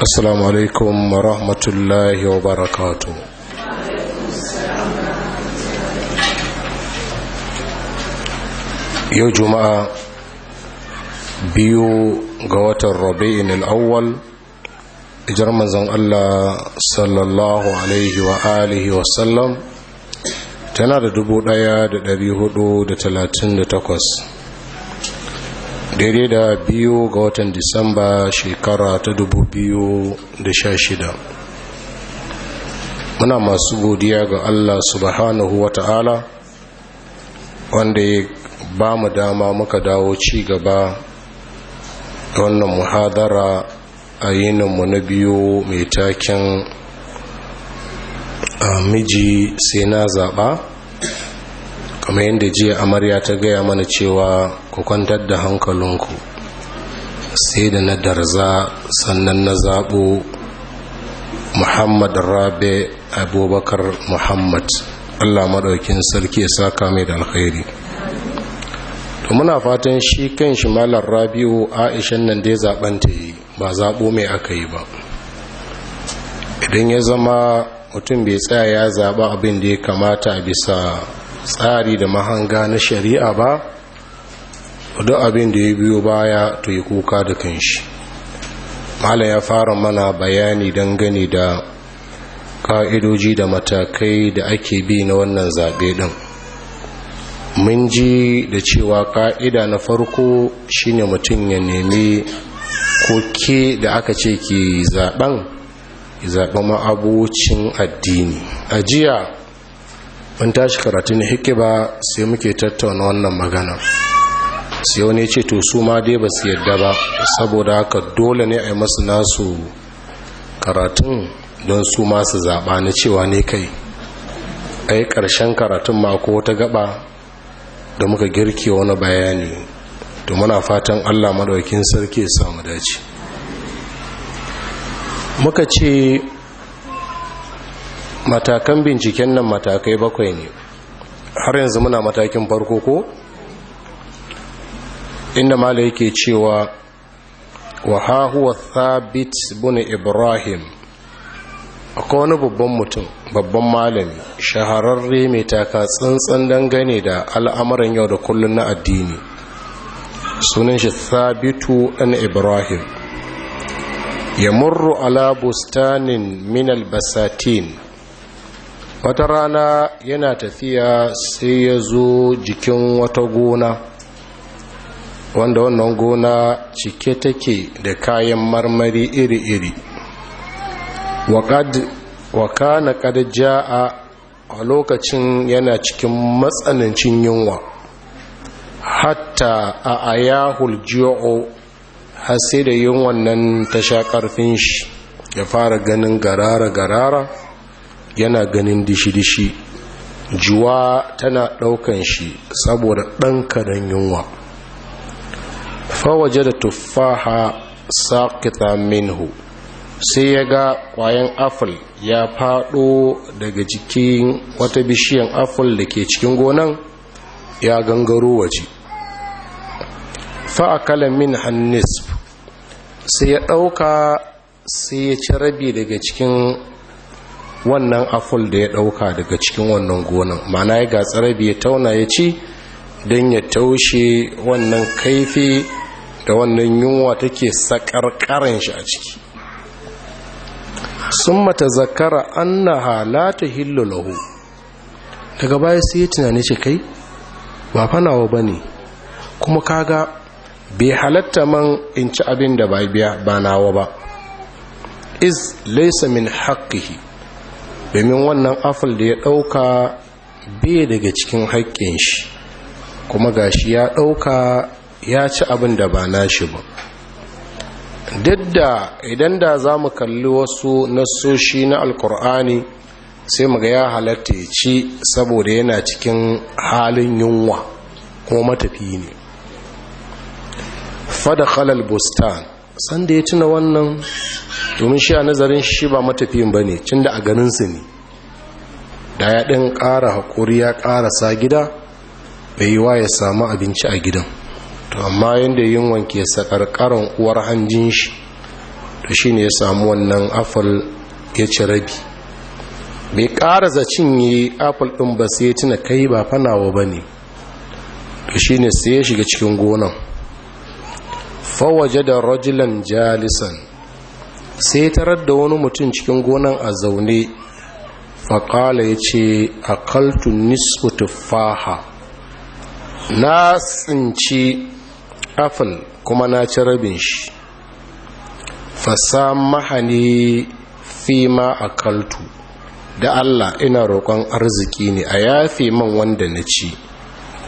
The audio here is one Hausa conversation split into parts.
assalamu alaikum wa rahmatullahi wa barakatu yau juma'a biyu ga watan rabi'in al'awwal ijar manzan allah sallallahu alaihi wa alihi wa sallam tana da dubu ɗaya da hudu da talatin da takwas. daidai da biyu ga watan disamba shekara ta dubu biyu da sha shida. muna masu godiya ga allah subhanahu wa ta'ala wanda ya ba mu dama muka dawo ci gaba da wannan muhadara a yininmu na biyu mai taken a ah, miji sai na zaɓa kamar yadda jiya amarya ta gaya mana cewa ku kwantar da hankalinku sai da na darza sannan na zaɓo muhammad rabe abubakar muhammad allah maɗaukin sarki ya saka mai da alkhairi to muna fatan shi kan shi malar rabiu aishan nan dai zaɓen ta yi ba zaɓo mai aka yi ba idan ya zama mutum bai tsaya ya zaɓa abin da ya kamata a bisa tsari da mahanga na shari'a ba wadda abin da ya biyo baya to yi kuka da kanshi mala ya fara mana bayani dangane da ka'idoji da matakai da ake bi na wannan zaɓe ɗin mun ji da cewa ka'ida na farko shine mutum ya nemi koke da aka ce ke zaɓen zaɓen ma'abocin addini ajiya. mun tashi karatun ba sai muke tattauna wannan magana sai wani ce to su ma dai ba su yadda ba saboda haka dole ne a yi masu nasu karatun don su ma su zaɓa na cewa ne kai a yi ƙarshen karatun ma ko ta gaba da muka girke wani bayani to muna fatan allah maɗaukin sarki samu dace muka ce matakan binciken nan matakai bakwai ne har yanzu muna matakin farko ko inda mala yake cewa wa thabit bin ibrahim akwai wani babban mutum babban malami shahararre mai taka tsantsan dangane da al'amuran yau da kullum na addini sunan shi thabitu ɗan ibrahim ya murru ala bustanin minal basatin wata rana yana tafiya sai ya zo jikin wata gona wanda wannan gona cike take da kayan marmari iri-iri waka na ƙadajja a lokacin yana cikin matsanancin yunwa hatta a ayahul jiyo hasi da yunwan nan ta sha ƙarfin shi ya fara ganin garara-garara yana ganin dishi-dishi juwa tana ɗaukan shi saboda ɗan karen yunwa fawaje da tuffaha saƙita minhu sai ya ga ƙwayan afil ya faɗo daga jikin wata bishiyan afil da ke cikin gonan ya gangaro waje fa'akala min hannis sai ya ɗauka sai ya ci rabi daga cikin wannan aful da ya ɗauka daga cikin wannan gonan mana ya ga rabi ya tauna ya ci don ya taushe wannan kaifi da wannan yunwa take sakarkarin shi a ciki sun mata zakara annaha na halata daga baya sai ya tunani ce kai ba fanawa ba ne kuma kaga bai halatta man in ci abin da ba biya ba nawa ba is laisa min haƙƙihi domin wannan afal da ya ɗauka bai daga cikin haƙƙin shi kuma ga shi ya ɗauka ya ci abin da ba shi ba duk da idan da za mu kalli wasu nassoshi na alkur'ani sai muga ya halatta ya ci saboda yana cikin halin yunwa ko matafi ne fada khalal bustan sanda ya tuna wannan domin shi a nazarin shi ba matafiyin ba ne cin da a ganinsu ne da ya ɗin ƙara haƙuri ya ƙara sa gida bai yi wa ya samu abinci a gidan to amma yadda yin wanke saƙarƙarar uwar hanjin shi to shi ne ya samu wannan afal ya ci rabi bai ƙarasa cinye afal ɗin ba sai ya tuna kai ba fanawa ba ne to shi ne sai ya shiga cikin gonan fawaje da rajulan jalisan sai tarar da wani mutum cikin gonan a zaune faƙala ya ce a kaltun nisfu tufaha na tsinci afil kuma na ci rabin shi fasa mahani ma a kaltu da allah ina roƙon arziki ne a yafe man wanda na ci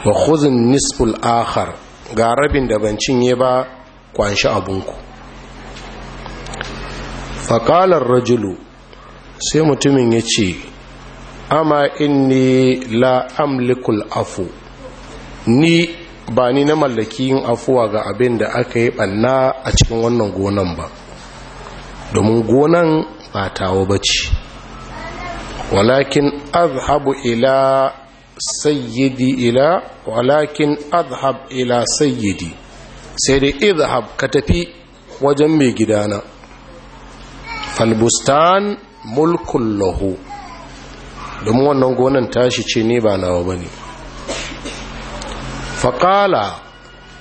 wa khuzin nisful akhar ga rabin da ban cinye ba kwanshi abunku faƙalar rajulu sai mutumin ya ce ama inni la amlikul afu ni ba ni na mallaki yin afuwa ga abin da aka yi ɓanna a cikin wannan gonan ba domin gonan ba tawo ba ce walakin azhabu ila sayyidi ila walakin azhab ila sayyidi sai dai izhab ka tafi wajen mai gidana falbustan mulkun lahu domin wannan gonan tashi ce ne ba nawa ba ne faƙala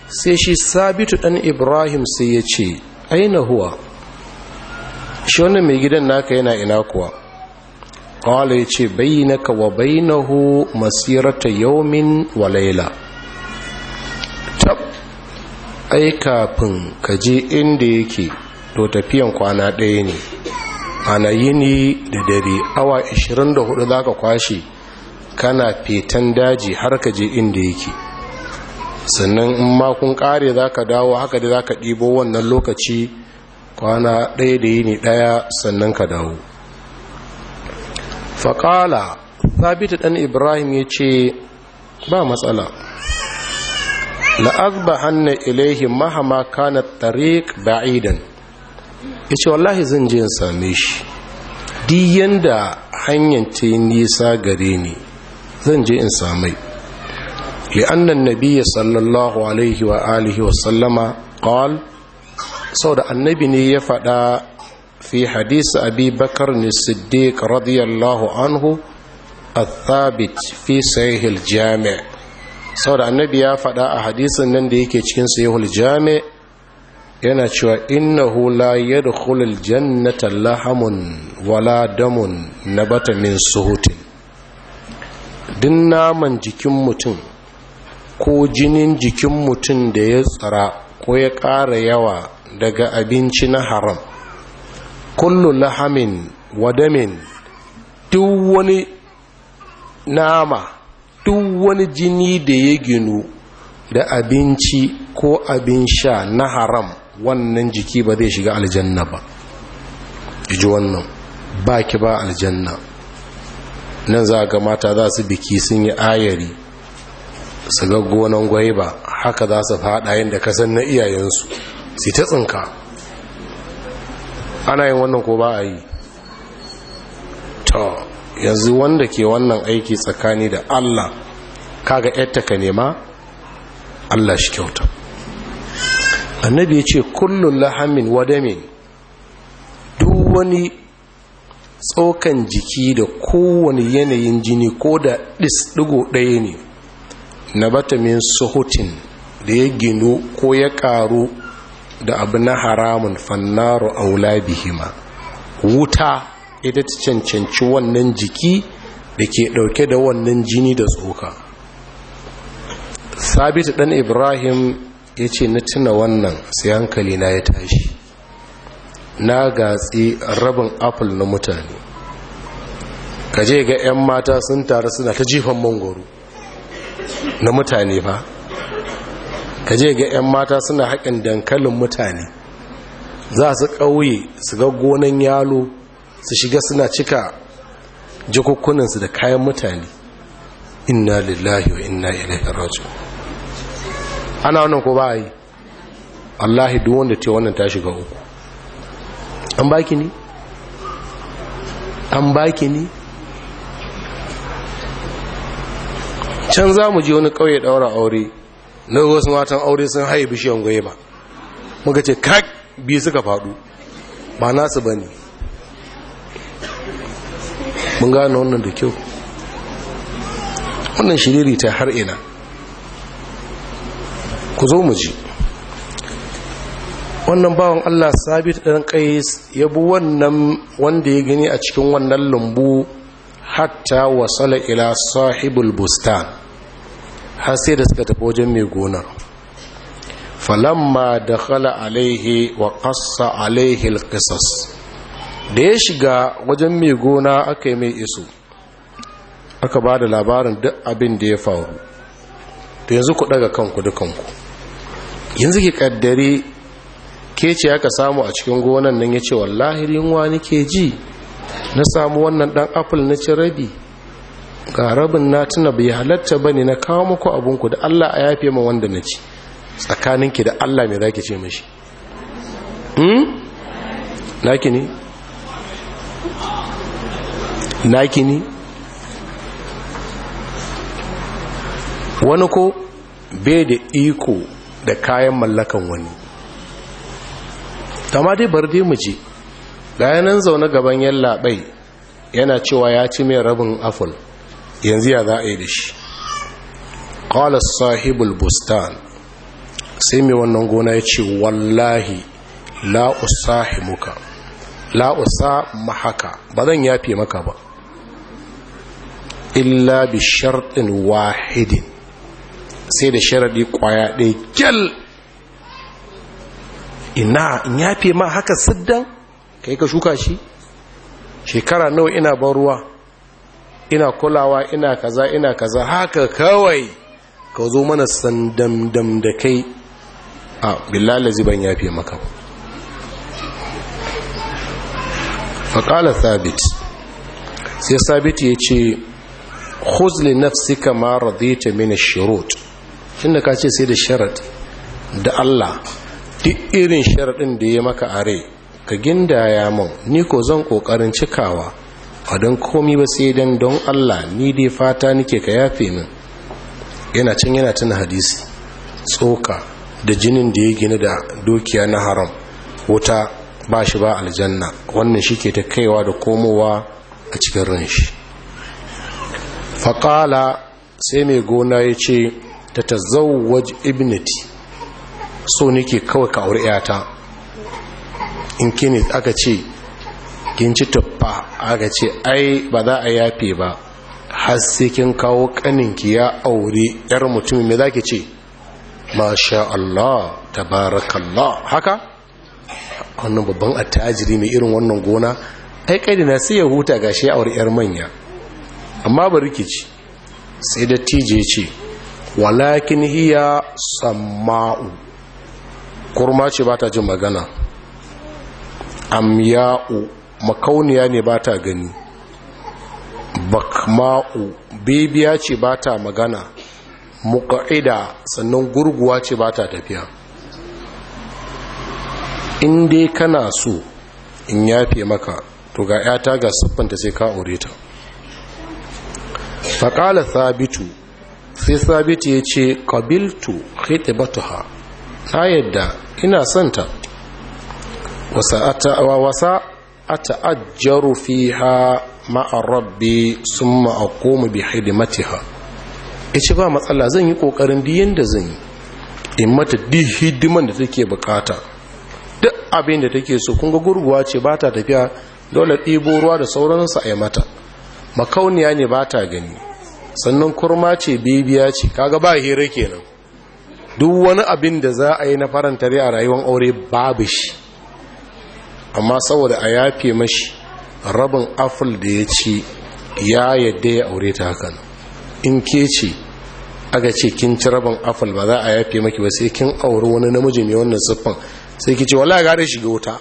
sai shi sabitu ɗan ibrahim sai ya ce aina huwa shi wannan mai gidan naka yana ina kuwa ƙwala ya ce ka wa hu masirata yaumin wa ai kafin ka je inda yake to tafiyan kwana ɗaya ne ana yini da dare awa 24 za ka kwashe kana fetan daji har ka je inda yake sannan in ma kun kare za ka dawo haka da za ka ɗibo wannan lokaci kwana ɗaya da yini ɗaya sannan ka dawo faƙala sabitu ɗan ibrahim ya ce ba matsala la'azbahanna ilaihi mahama kana tariq ba'idan yace wallahi zan je in same shi duk yanda hanyar ce nisa gare ni zan je in same li'anna annabiyya sallallahu alaihi wa alihi wa sallama qal saboda annabi ne ya faɗa fi hadisi abi bakar ne siddiq radiyallahu anhu الثابت في سيه الجامع saboda annabi ya faɗa a hadisin nan da yake cikin sahihul jami yana cewa innahu la yadkhulul jannata lahamun wala damun nabata min suhutin din naman jikin mutum ko jinin jikin mutum da ya tsara ko ya ƙara yawa daga abinci na haram kullu lahamin wadamin duk wani nama duk wani jini da ya ginu da abinci ko abin sha na haram wannan jiki ba zai shiga aljanna ba iji wannan ba ki ba aljanna nan za ga mata za su biki sun yi ayari su ga gonan ba haka za su fada yin da kasan na iyayensu su ta tsinka ana yin wannan ko ba a yi ta yanzu wanda ke wannan aiki tsakani da Allah kaga yadda ka nema Allah shi kyauta annabi ya ce kullum lahamin wadamin duk wani tsokan jiki da kowane yanayin jini ko da ɗis ɗigo ɗaya ne na batamin suhutin da ya ginu ko ya ƙaru da abu na haramun fannaro aula bihima wuta ita ta cancanci wannan jiki da ke ɗauke da wannan jini da tsoka sabit ɗan ibrahim ya ce na tuna wannan sai hankali na ya tashi na gatsi rabin apple na mutane kaje ga 'yan mata sun taru suna ta jifan mangoro na mutane ba kaje ga 'yan mata suna haƙin dankalin mutane za su ƙauye su ga gonan yalo su shiga suna cika jakukkunansu da kayan mutane inna lillahi wa inna ilaihi raji'un ana wannan ko ba yi wallahi duk wanda ce wannan ta shiga uku an baki ne an baki ne can za mu je wani kauye daura aure na wasu matan aure sun haibishiyar goyi ba muka ce kak biyu suka faɗu ba nasu ba ne mun gane wannan da kyau wannan shiriri ta har ina ku zo mu ji wannan bawan Allah sabit ɗan ƙais ya bi wannan wanda ya gani a cikin wannan lambu hatta wasala ila sahibul bustan har sai da suka tafi wajen mai gonar falamma da khala alaihi wa ƙasa alaihi alƙisas da ya shiga wajen mai gona aka yi mai iso aka ba da labarin duk abin da ya faru to yanzu ku daga kanku dukanku yanzu ki kaddare ke ce aka samu a cikin gonan nan ya ce wallahi wani ke ji na samu wannan dan apple na ci rabi ga rabin na tuna bai halatta ba ne na kawo muku abinku da allah a yafe ma wanda na ci tsakaninki da allah mai zaki ce mashi hmm? ne naki ne wani ko bai da iko da kayan mallakan wani tama dai bar dai muje gayanan zaune gaban yallaɓai yana cewa ya ci mai rabin aful yanzu ya za a yi da shi ƙalar sahibul bustan sai mai wannan gona ya ce wallahi la'usa himuka mahaka ba zan yafe maka ba illa bi shartin wahidin sai da sharadi kwaya ɗaya kyal ina in yafe ma haka siddan kai ka shuka shi shekara nawa ina ban ruwa ina kulawa ina kaza ina kaza haka kawai ka zo mana sandamdam da kai a billalazi ban yafe maka faƙala thabit sai sabit ya ce khuz li nafsika ma radita min ash-shurut da ka ce sai da sharadi da Allah duk irin sharadin da ya maka are ka gindaya mun ni ko zan kokarin cikawa a don komai ba sai dan don Allah ni dai fata nake ka yafe min yana cin yana tana hadisi tsoka da jinin da ya gina da dukiya na haram wuta ba shi ba aljanna wannan shi ke ta kaiwa da komowa a cikin ran shi faƙala sai mai gona ya ce ta ta zauwaj ibnati so nake kawai ka auri yata in kini aka ce kin ci tuffa aka ce ai ba za a yafe ba har sai kin kawo kaninki ya auri yar mutum me zaki ce masha Allah tabarakallah haka wannan babban attajiri mai irin wannan gona ai kai da na sai ya huta gashi ya auri yar manya amma ba rikici sai da tije ce walakin hiya samma'u kurma ce ba ta jin magana amya'u makauniya ne ba ta gani bakma'u bibiya ce ba ta magana muka'ida sannan gurguwa ce ba ta tafiya in dai kana so in yafe maka to ga 'ya ta ga siffanta sai ka aure ta faƙala sabitu sai sabitu ya ce ƙabiltu khitibatuha ta yadda ina santa wa wasa a ta'ajjaru fiha ma'ar rabbi sun ma'akomu bi ha. ya ce ba matsala zan yi ƙoƙarin diyan da zan yi in mata dihidiman hidiman da take bukata duk abin da take so kunga gurguwa ce ba ta tafiya dole ɗibo ruwa da sauransu a yi mata makauniya ne ba ta gani sannan kurma ce bibiya ce kaga ba hira kenan duk wani abin da za a yi na farantare a rayuwar aure babu shi amma saboda a yafe mashi rabin afil da ya ce ya yadda ya aure ta hakan in ke ce aka ce kin ci rabin afil ba za a yafe maki ba sai kin auri wani namiji mai wannan siffan sai ki ce wala gare shiga wuta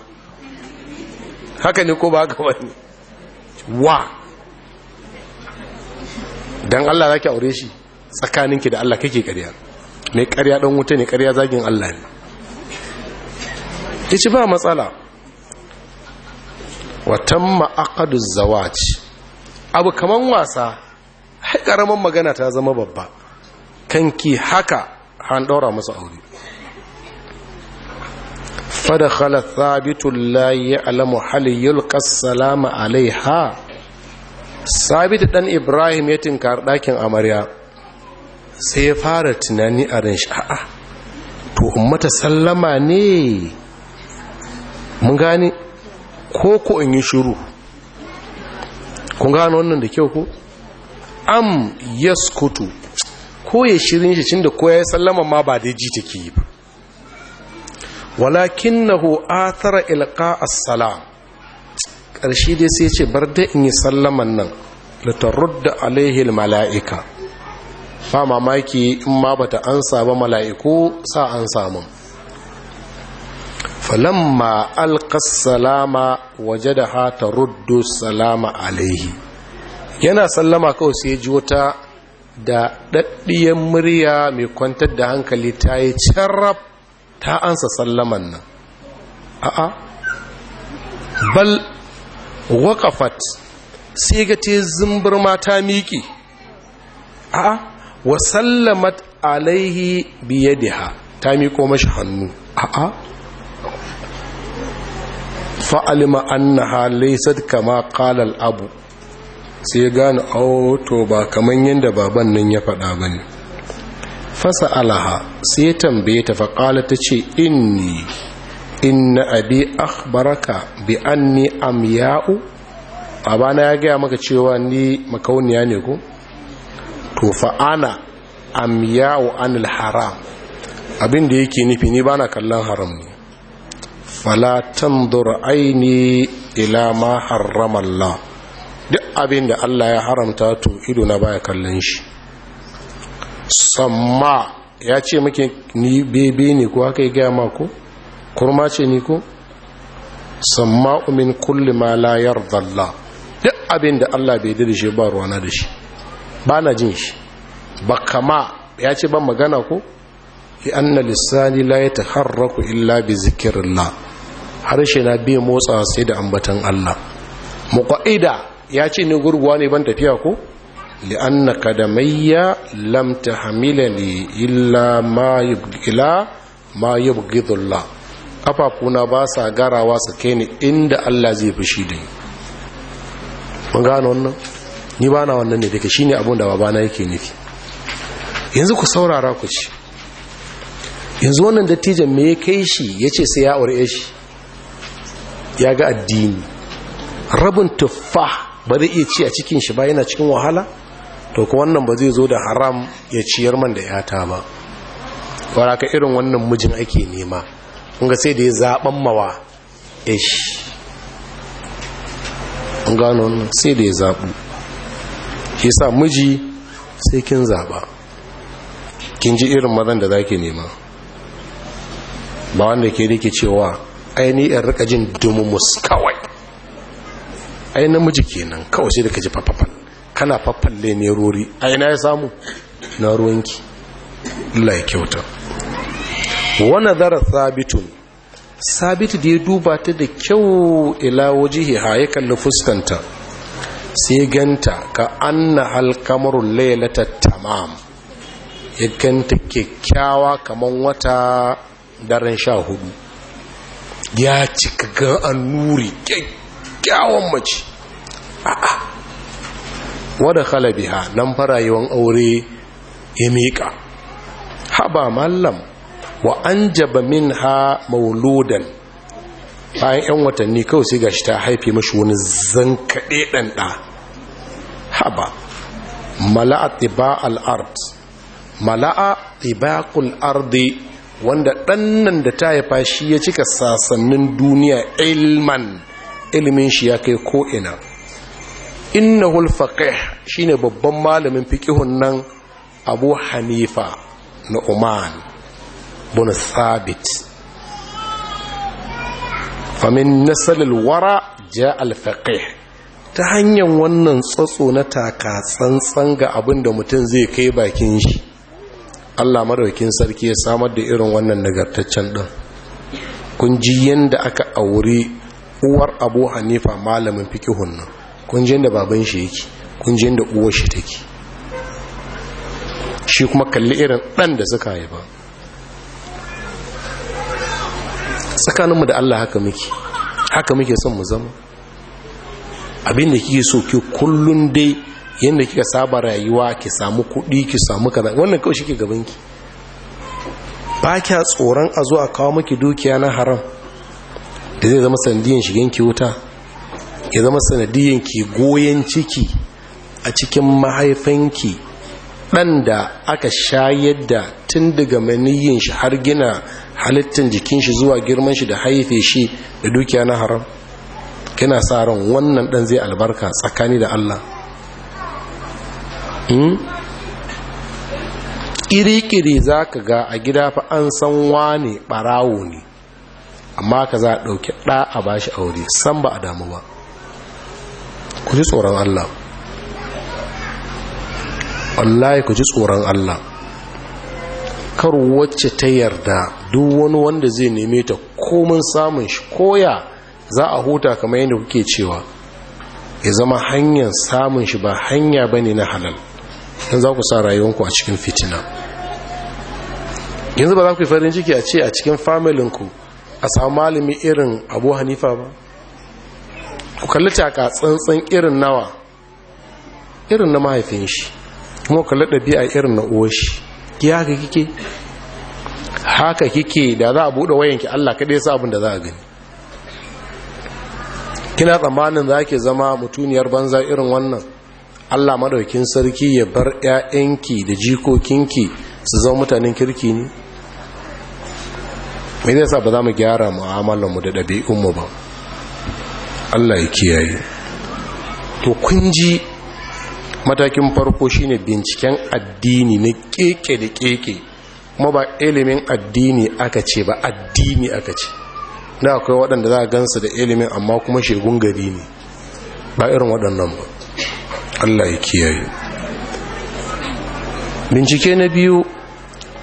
haka ne ko ba haka wani wa dan Allah za zaki aure shi tsakaninki da Allah kake ƙarya mai ƙarya dan wuta ne ƙarya zagin Allah ne yace ba matsala Watan tamma aqdu zawaj abu kaman wasa har karaman magana ta zama babba kanki haka an ɗaura masa aure fadakhala thabitun la ya'lamu hal yulqa salama alaiha sabita dan ibrahim ya tinkar ɗakin amarya sai ya fara tunani a ran sha'a to in sallama ne mun gane ko ko in yi shiru kun gane wannan da kyau ko am yaskutu ko ya shirin shi cin da ko ya sallama ma ba da ji take yi ba walakinnahu athara ilqa as-salam ƙarshe dai sai ce bar da in yi sallaman nan da alaihi mala'ika ba mamaki in ma bata ansa ba mala'iku sa an samu falamma alqas salama wajadaha ruddu salama alaihi yana sallama kawai sai ji wata da ɗaɗɗiyar murya mai kwantar da hankali ta yi carrab ta ansa sallaman nan a'a bal waƙafat sai ga ce zumbar ta miki a wasallamat alaihi biyadiha ta miƙo mashi hannu a'a fa'alima annaha laysat kama ma abu sai gane auto oh, ba kaman yadda baban nan ya faɗa ne. fasa alaha sai tambaye ta faƙala ta ce inni inna abi akhbaraka bi anni amya'u abana ya gaya maka cewa ni makauniya ne ko to fa ana amya'u anil haram abin da yake nufi ni bana kallon haram ne fala tanzur aini ila ma harrama Allah duk abin da Allah ya haramta to ido na baya kallon shi samma ya ce muke ni bebe ne ko haka ya gaya ko kurma ce ni ko samma'u min kulli ma la yardalla duk abin da Allah bai da shi ba ruwana da shi ba na jin shi ba kama ya ce ban magana ko li anna lisani la yataharraku illa bi zikrillah harshe na bi motsa sai da ambatan Allah muqaida ya ce ni gurguwa ne ban tafiya ko li da kadamayya lam tahmilani illa ma yubghila ma yubghidullah kafafuna ba sa garawa su kai ni inda Allah zai fushi da ni mun gano wannan ni ba na wannan ne daga shine abin da babana yake nufi yanzu ku saurara ku ci yanzu wannan dattijan me ya kai shi ya ce sai ya aure shi ya ga addini rabin tuffa ba zai iya ci a cikin shi ba yana cikin wahala to ku wannan ba zai zo da haram ya ciyar man da yata ba waraka irin wannan mijin ake nema kunga sai da ya zaɓen mawa ish an gano wannan sai da ya zaɓu shi sa miji sai kin zaɓa kin ji irin mazan da za ke nema ba wanda ke rike cewa ainihin in rika jin dumumus kawai ai miji kenan kawai sai da ka ji fafafan kana fafalle ne rori ainihin ya samu na ruwanki Allah ya kyauta wani zara sabitun sabitu da ya duba ta da kyau ila wajihi ha ya kalli fuskanta sai ganta ka na alkamarun lailata tamam ya ganta kyakkyawa kamar wata daren sha hudu ya cika ga an nuri kyakkyawan mace a'a wadda ha nan fara yawan aure ya miƙa haba mallam wa an jaba min ha mauludan bayan 'yan watanni kawai sai gashi ta haifi mashi wani zankaɗe ɗan ɗanɗa. haba mala'a tiba al'ard mala'a tibakul ardi wanda ɗannan da ta haifa shi ya cika sasannin duniya ilman ilimin shi ya kai ko'ina Inna innahul shi shine babban malamin fiƙihun nan abu hanifa na oman بن sabit فمن نسل wara ja الفقيه ta hanyar wannan tsatso na taka tsantsan ga abin da mutum zai kai bakin shi allah maraukin sarki ya samar da irin wannan nagartaccen ɗin kun ji yadda aka auri uwar abu hanifa malamin fikihun nan kun ji yadda baban shi yake kun ji yadda uwar shi take shi kuma kalli irin ɗan da suka haifa tsakaninmu da Allah haka muke haka muke son mu zama abin da kike so ke kullun dai yanda kika saba rayuwa ki samu kuɗi ki samu kaza wannan kawai shike gaban ki ba kya tsoron a zo a kawo miki dukiya na haram da zai zama sanadiyan shigen ki wuta ya zama sanadiyan ki goyen ciki a cikin mahaifanki ɗan da aka shayar da tun daga maniyin shi har gina halittan jikin shi zuwa girman shi da haife shi da dukiya na haram kina sa ran wannan dan zai albarka tsakani da Allah hmm? ƙiri-ƙiri za ka ga a gida fa an san wane ɓarawo ne amma ka za a ɗauki ɗa a ba aure san ba a damu ba ku ji tsoron Allah wallahi ku ji tsoron Allah kar wacce ta yarda duk wani wanda zai neme ta komin samun shi koya za a huta kamar yadda kuke cewa ya zama hanyar samun shi ba hanya ba ne na halal don za ku sa rayuwanku a cikin fitina yanzu ba za ku yi farin ciki a ce a cikin familinku a samu malami irin abu hanifa ba ku kalli taka tsantsan irin nawa irin na mahaifin shi kuma kalli ɗabi'a irin na uwa shi ki haka kike haka kike da za a buɗe wayanki Allah kaɗai sa abin da za a gani kina tsammanin za zama mutuniyar banza irin wannan Allah madaukin sarki ya bar ƴaƴanki da jikokinki su zama mutanen kirki ne me yasa ba za mu gyara mu'amalar mu da mu ba Allah ya kiyaye to kun ji matakin farko shine binciken addini na keke da keke kuma ba ilimin addini aka ce ba addini aka ce da akwai waɗanda za a gansa da ilimin amma kuma shegun gari ne ba irin waɗannan ba allah ya kiyaye bincike na biyu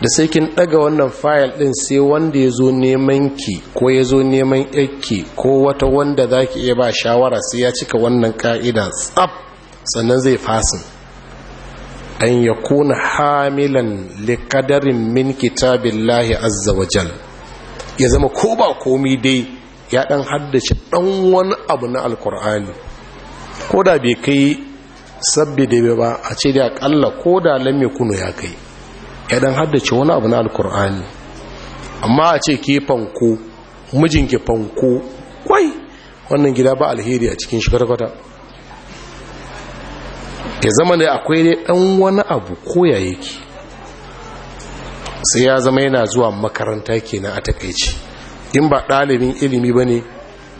da sai kin ɗaga wannan fayil ɗin sai wanda ya zo neman ki ko ya zo neman yake ko wata wanda za ki iya ba shawara sai ya cika wannan ka'ida tsab sannan zai fasin an ya kuna hamilan likadarin min kitabillahi azza wa jal ya zama ko ba komi dai ya dan haddace dan wani abu na alkur'ani ko da bai kai sabbi da ba a ce da akalla ko da lamme kuno ya kai ya dan haddace wani abu na alkur'ani amma a ce ke fanko mijinki fanko kwai wannan gida ba alheri a cikin shi kwata ya zama da akwai dai ɗan wani abu koya yake sai ya zama yana zuwa makaranta kenan a takaici in ba ɗalibin ilimi ba ne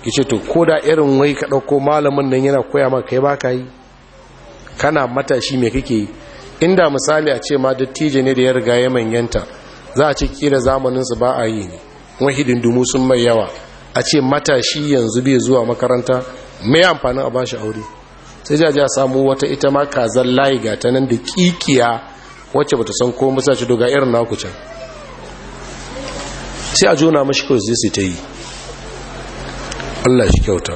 ya ce to ko da irin wai ka ɗauko malamin nan yana koya maka kai ba ka yi kana matashi mai kake yi inda misali a ce ma dattijo ne da ya riga ya manyanta za a ce kila zamaninsu ba a yi ne wahidin dumu sun mai yawa a ce matashi yanzu bai zuwa makaranta mai amfanin a bashi aure sai jaji a samu wata ita ma kazan layi ga ta nan da kikiya wacce bata san ko musa ci doga irin naku can sai a jona mashi kawai zai su ta yi allah shi kyauta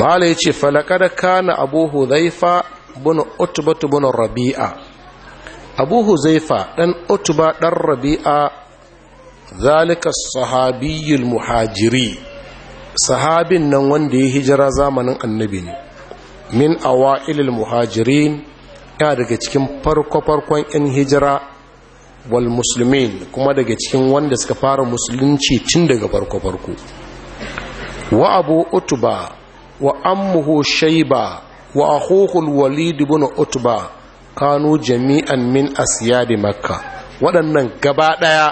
ma'ala ya ce falakada kana abu huzaifa bin otubatu bin rabi'a abu huzaifa dan utuba dan rabi'a zalika sahabiyul muhajiri sahabin nan wanda ya hijira zamanin annabi ne min awailil muhajirin ya daga cikin farko-farkon 'yan hijira wal musulmin kuma daga cikin wanda suka fara musulunci tun daga farko-farko wa abu utuba wa ammuhu shaiba wa akhuhul walid ibn utba kanu jami'an min asyadi makka waɗannan gaba ɗaya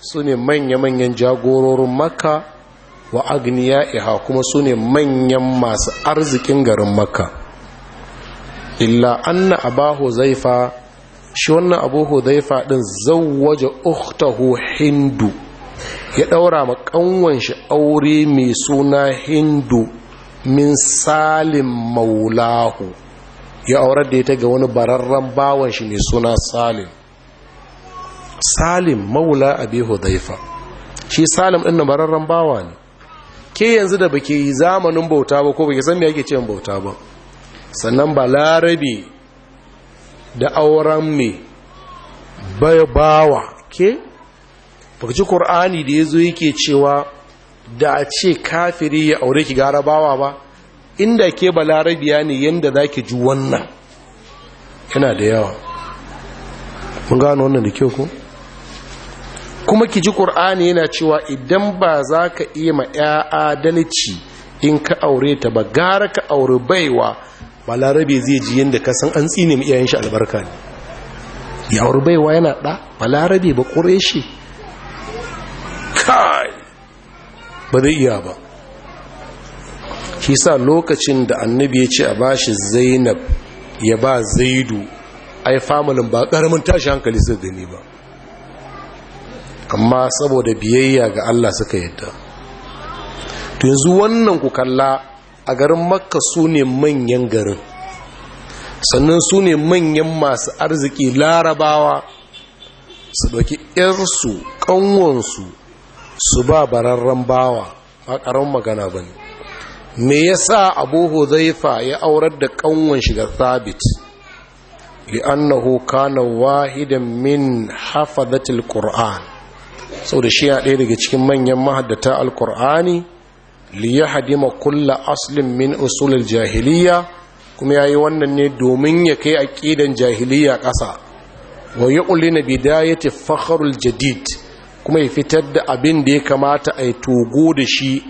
su ne manya-manyan jagororin makka wa agniya iha kuma su ne manyan masu arzikin garin makka illa anna abahu zaifa shi wannan abu hudaifa din zawwaja ukhtahu hindu ya daura ma kanwan shi aure mai suna hindu min salim maulahu ya aure da ita ga wani bararren bawan shi mai suna salim salim maula abi hudaifa shi salim din bararren bawa ne ke yanzu da baki yi zamanin bauta ba ko baki san me yake ce bauta ba sannan ba larabi da auren me bawa ke baki ji qur'ani da yazo yake cewa da a ce kafiri ya aure ki gara bawa ba inda ke ba larabiya ne yanda zaki ji wannan yana da yawa mun gano wannan da kyau ko kuma ki ji ƙur'ani yana cewa idan ba za ka iya ma 'ya adalci in ka aure ta ba gara ka aure baiwa larabe zai ji yadda ka san an tsine iyayen shi albarka ne ya aure baiwa yana ɗa balarabe ba ƙure shi kai ba zai iya ba shi sa lokacin da annabi ya ce a ba shi zainab ya ba zaidu ai familin ba ƙaramin tashi hankali suka gani ba amma saboda biyayya ga Allah suka yadda to yanzu wannan ku kalla a garin makka su ne manyan garin sannan su ne manyan masu arziki larabawa su ɗauki 'yarsu ƙanwansu su ba bararren bawa a magana ba ne me ya sa abu huzaifa ya aurar da ƙanwan shiga sabit li'annahu kana wahidan min hafazatil qur'an saboda shi ya ɗaya daga cikin manyan mahaddata alkur'ani li ya hadima kulla aslin min usulul jahiliya kuma ya yi wannan ne domin ya kai aƙidan jahiliya ƙasa wa ya ulina bidayati fakharul jadid kuma ya fitar da abin da ya kamata a yi togo da shi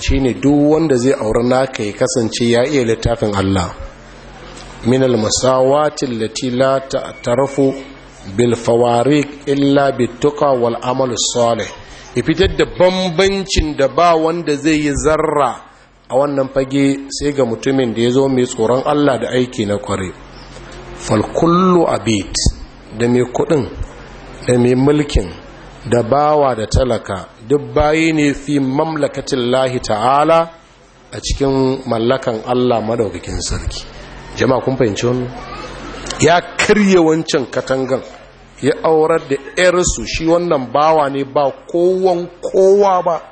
Shi ne duk wanda zai aure naka ya kasance ya iya littafin Allah min al masawatin lati la tarafu bil illa bituqa wal Saleh, salih ya fitar da bambancin da ba wanda zai yi zarra a wannan fage sai ga mutumin da ya zo mai tsoron Allah da aiki na kware falkullu abid da mai kudin da mai mulkin da bawa da talaka duk bayi ne fi mamlakacin lahi ta'ala a cikin mallakan Allah madaukakin sarki jama'a kun fahimci wannan ya karye wancan katangan ya aurar da ‘yarsu shi wannan bawa ne ba kowon kowa ba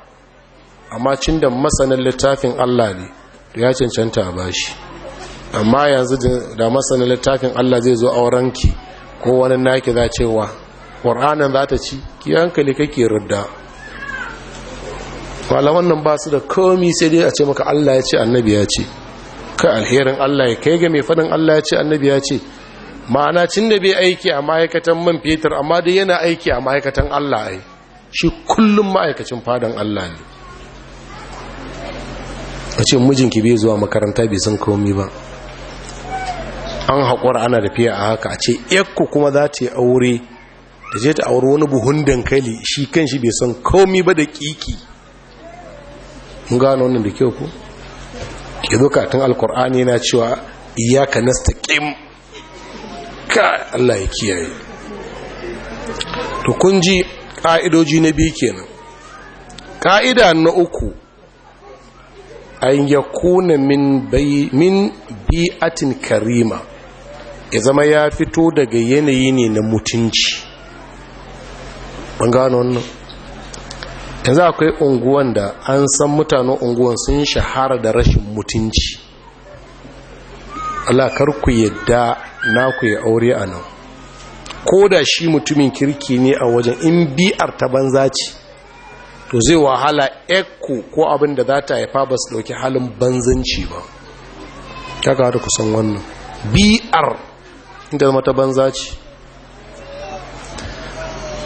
amma cin da masanin littafin Allah ne ya cancanta ba shi amma yanzu da masanin littafin Allah zai zo aurenki ko wani naki za cewa ƙwar'anin za ta ci ki hankali kake rudda malaman wannan ba su da komi sai dai a ce maka Allah ya ce annabi ya ce ka alherin Allah ya kai ga mai faɗin Allah ya ce annabi ya ce ma'ana cin da bai aiki a ma'aikatan man fetur amma dai yana aiki a ma'aikatan Allah ai shi kullum ma'aikacin fadan Allah ne a ce mijinki bai zuwa makaranta bai san komi ba an haƙura ana tafiya a haka a ce ku kuma za ta yi aure da je ta auri wani buhun dankali shi kan shi bai san komi ba da kiki mun gano wannan da kyau ku ke zo katin alkur'ani yana cewa iyaka ƙim. ka Allah ya kiyaye to kun ji ƙa'idoji na biyu kenan ƙa'ida na uku an ya kuna min bi'atin karima ya zama ya fito daga yanayi ne na mutunci ban wannan yanzu akwai unguwan da an san mutanen unguwan sun shahara da rashin mutunci Allah karku yadda naku ya aure a nan ko da shi mutumin kirki ne a wajen in biyar ta banza ce to zai wahala eko ko abin da za ta haifa ba su ɗauki halin banzanci ba ta ga kusan wannan biyar inda ta banza ce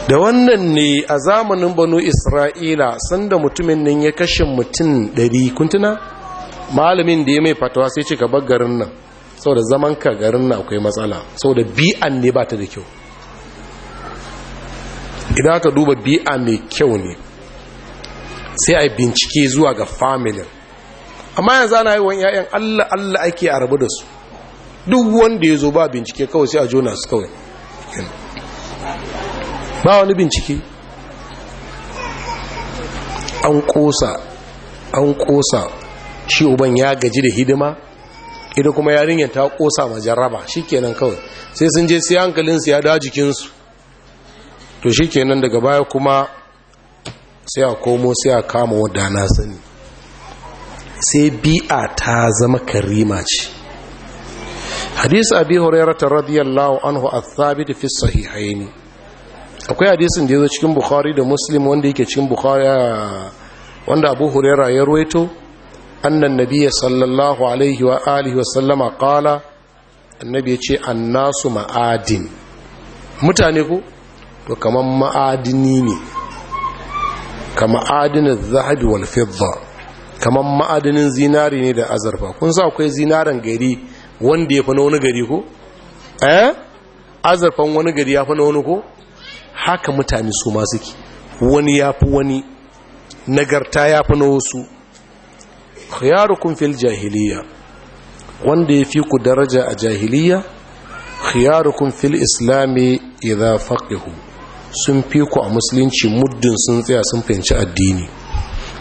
da wannan ne a zamanin banu isra'ila sanda mutumin nan ya kashe mutum ɗari kuntuna malamin da ya mai fatawa sai ci gabar garin nan Sau da zaman ka garin na akwai matsala da bi'an ne ba ta da kyau idan aka duba bi'a mai kyau ne sai a yi bincike zuwa ga familin amma yanzu ana haihuwan 'ya'yan allah allah ake a rabu da su duk wanda ya zo ba bincike kawai sai a jona su kawai ba wani bincike an kosa an kosa shi uban ya gaji da hidima ido kuma yarinyar ta kosa ma shikenan kawai sai sun je siya hankalin su ya da jikinsu su to shikenan daga baya kuma sai a komo sai a kama wadda na sani sai bi'a ta zama karima ce radiyar abi hurairata radiyallahu anhu athabit fi haini akwai hadisin da yazo cikin bukhari da muslim wanda yake cikin bukhari wanda abu huraira ya ruwaito annan nabiya sallallahu alaihi wa alihi wasallama kala annabi ya ce annasu ma'adin mutane ku to kamar ma'adini ne ka ma'adinin zahabi wal fidda kamar ma'adinin zinari ne da azurfa Kunsa akwai zinaren gari wanda ya fi na wani gari ko eh azurfan wani gari ya fi na wani ko haka mutane su ma suke wani ya fi wani nagarta ya fi na wasu khiyarukum fil jahiliya wanda ya fi ku daraja a jahiliya khiyarukum fil islami idha faqihu sun fi ku a musulunci muddin sun tsaya sun fahimci addini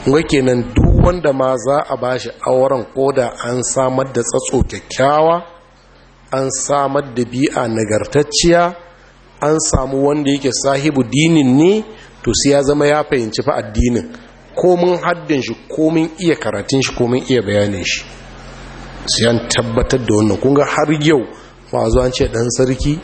kuma kenan duk wanda ma za a bashi auren koda an samar da tsatso kyakkyawa an samar da bi'a nagartacciya an samu wanda yake sahibu dinin ne to sai ya zama ya fahimci fa addinin komin haddin shi komin iya karatun shi komin iya bayanin shi sai an tabbatar da wannan kunga har yau ba zuwa ce dan sarki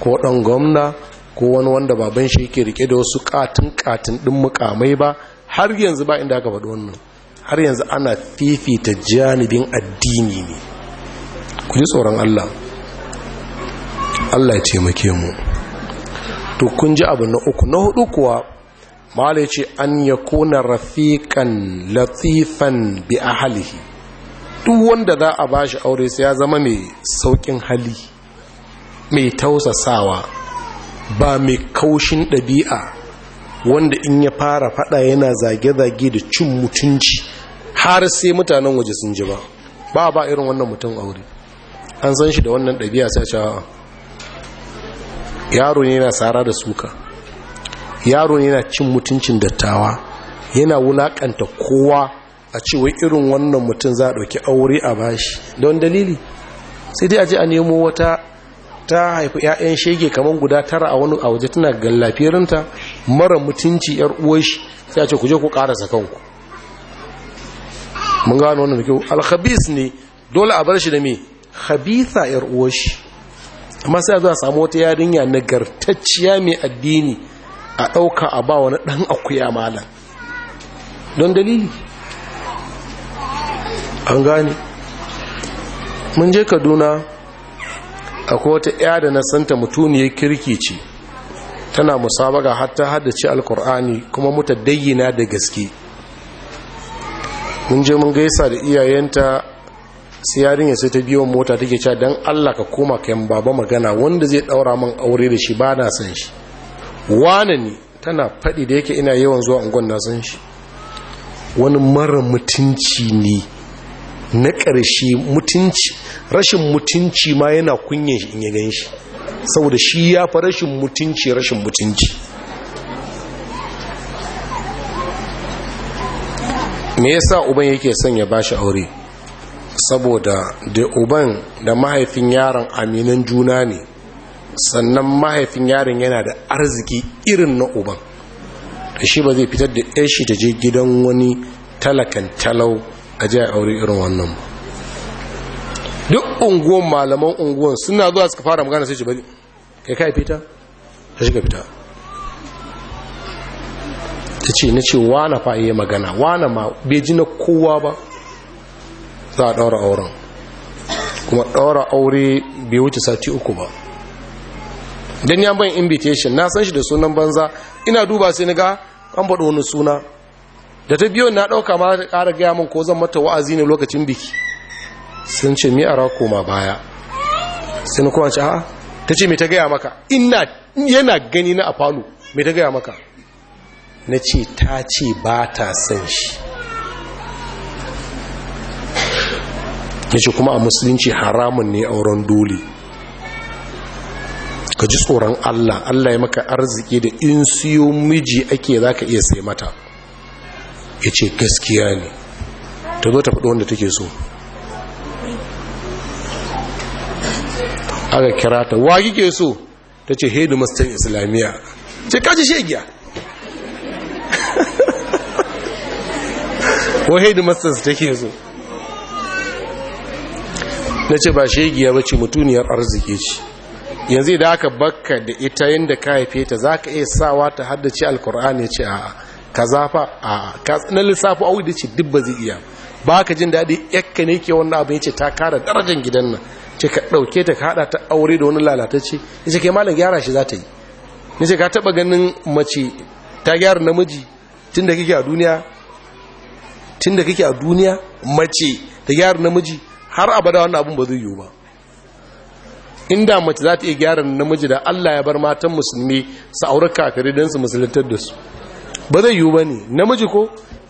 ko dan gwamna ko wani wanda baban shi yake rike da wasu katin katin din mukamai ba har yanzu ba inda aka faɗi wannan har yanzu ana fifita janibin addini ne ku ji tsoron Allah Allah ya taimake mu to kun ji abu na uku na hudu kuwa malai ce an ya kuna rafiƙan latifan bi halihi duk wanda za a bashi aure sai ya zama mai saukin hali mai tausasawa ba mai kaushin ɗabi'a wanda in ya fara fada yana zage-zage da cin mutunci har sai mutanen waje sun ji ba ba ba irin wannan mutum aure an san shi da wannan ɗabi'a sai ce yaro ne yana sara da suka yaro yana cin mutuncin dattawa yana wulakanta kowa a cewa irin wannan mutum za a ɗauki aure a bashi don dalili sai dai a ji a nemo wata ta haifi 'ya'yan shege kamar guda tara a wani a waje tana gallafirinta mara mutunci 'yar uwashi sai a ce ku je ku ƙarasa kanku mun gano wannan da kyau alhabis ne dole a bar shi da me habitha 'yar uwashi amma sai a zuwa samu wata yarinya nagartacciya mai addini a ɗauka a ba wani ɗan akuya malam don dalili an gane mun je kaduna akwai wata 'ya da na santa mutuniyar kirki ce tana musabaga hatta haddace alkur'ani kuma muta dayyana da gaske mun je mun gaisa da iyayenta sai yarinya sai ta biyo mota take cewa dan Allah ka koma kayan baba magana wanda zai daura min aure da shi ba na san shi wane ne tana faɗi da yake ina yawan zuwa angon na san shi wani mara mutunci ne na ƙarshe mutunci rashin mutunci ma yana kunyan shi in ya gan shi saboda shi ya fa rashin mutunci rashin mutunci me yasa uban yake son ya bashi aure saboda da uban da mahaifin yaron aminan juna ne sannan mahaifin yaron yana da arziki irin na uban shi ba zai fitar da ɗan shi ta je gidan wani talakan talau a jiya a aure irin wannan ba duk unguwan malaman unguwan suna zuwa suka fara magana sai ce bari kai kai fita ta shiga fita ta ce na ce wana fa iya magana wana ma bai ji na kowa ba za a ɗaura auren kuma ɗaura aure bai wuce sati uku ba dan ya ban invitation na san shi da sunan banza ina duba sai ga an faɗo wani suna da ta biyo na ɗauka ma ta ƙara gaya min ko zan mata wa'azi ne lokacin biki sun ce mi ara koma baya sun kuma ce ha ta ce mai ta gaya maka ina yana gani na a falo mai ta gaya maka na ce ta ce ba ta san shi ya ce kuma a musulunci haramun ne auren dole ka ji tsoron Allah Allah ya maka arziki da in siyo miji ake za ka iya sai mata ya ce gaskiya ne ta zo ta faɗi wanda take so aga kira ta wa ke so ta ce hedu mastan islamiyya ce kaji shegiya ko hedu mastan su take so na ce ba shegiya ba ce mutuniyar arziki ce yanzu da aka bakka da ita yadda ka haife ta za ka iya sawa ta haddace ya ce a ka zafa a na lissafi awu da ce duk ba zai iya ba ka jin daɗi yakka ne ke wannan abin ya ce ta kara darajar gidan nan ce ka ɗauke ta ka haɗa ta aure da wani lalatacce ya ce kai malam gyara shi za ta yi ya ce ka taɓa ganin mace ta gyara namiji tun da kake a duniya mace ta gyara namiji har abada wannan abin ba zai yiwu ba inda mace za ta iya gyara namiji da Allah ya bar matan musulmi su aure kafiri don su musuluntar da su ba zai yiwu ba ne namiji ko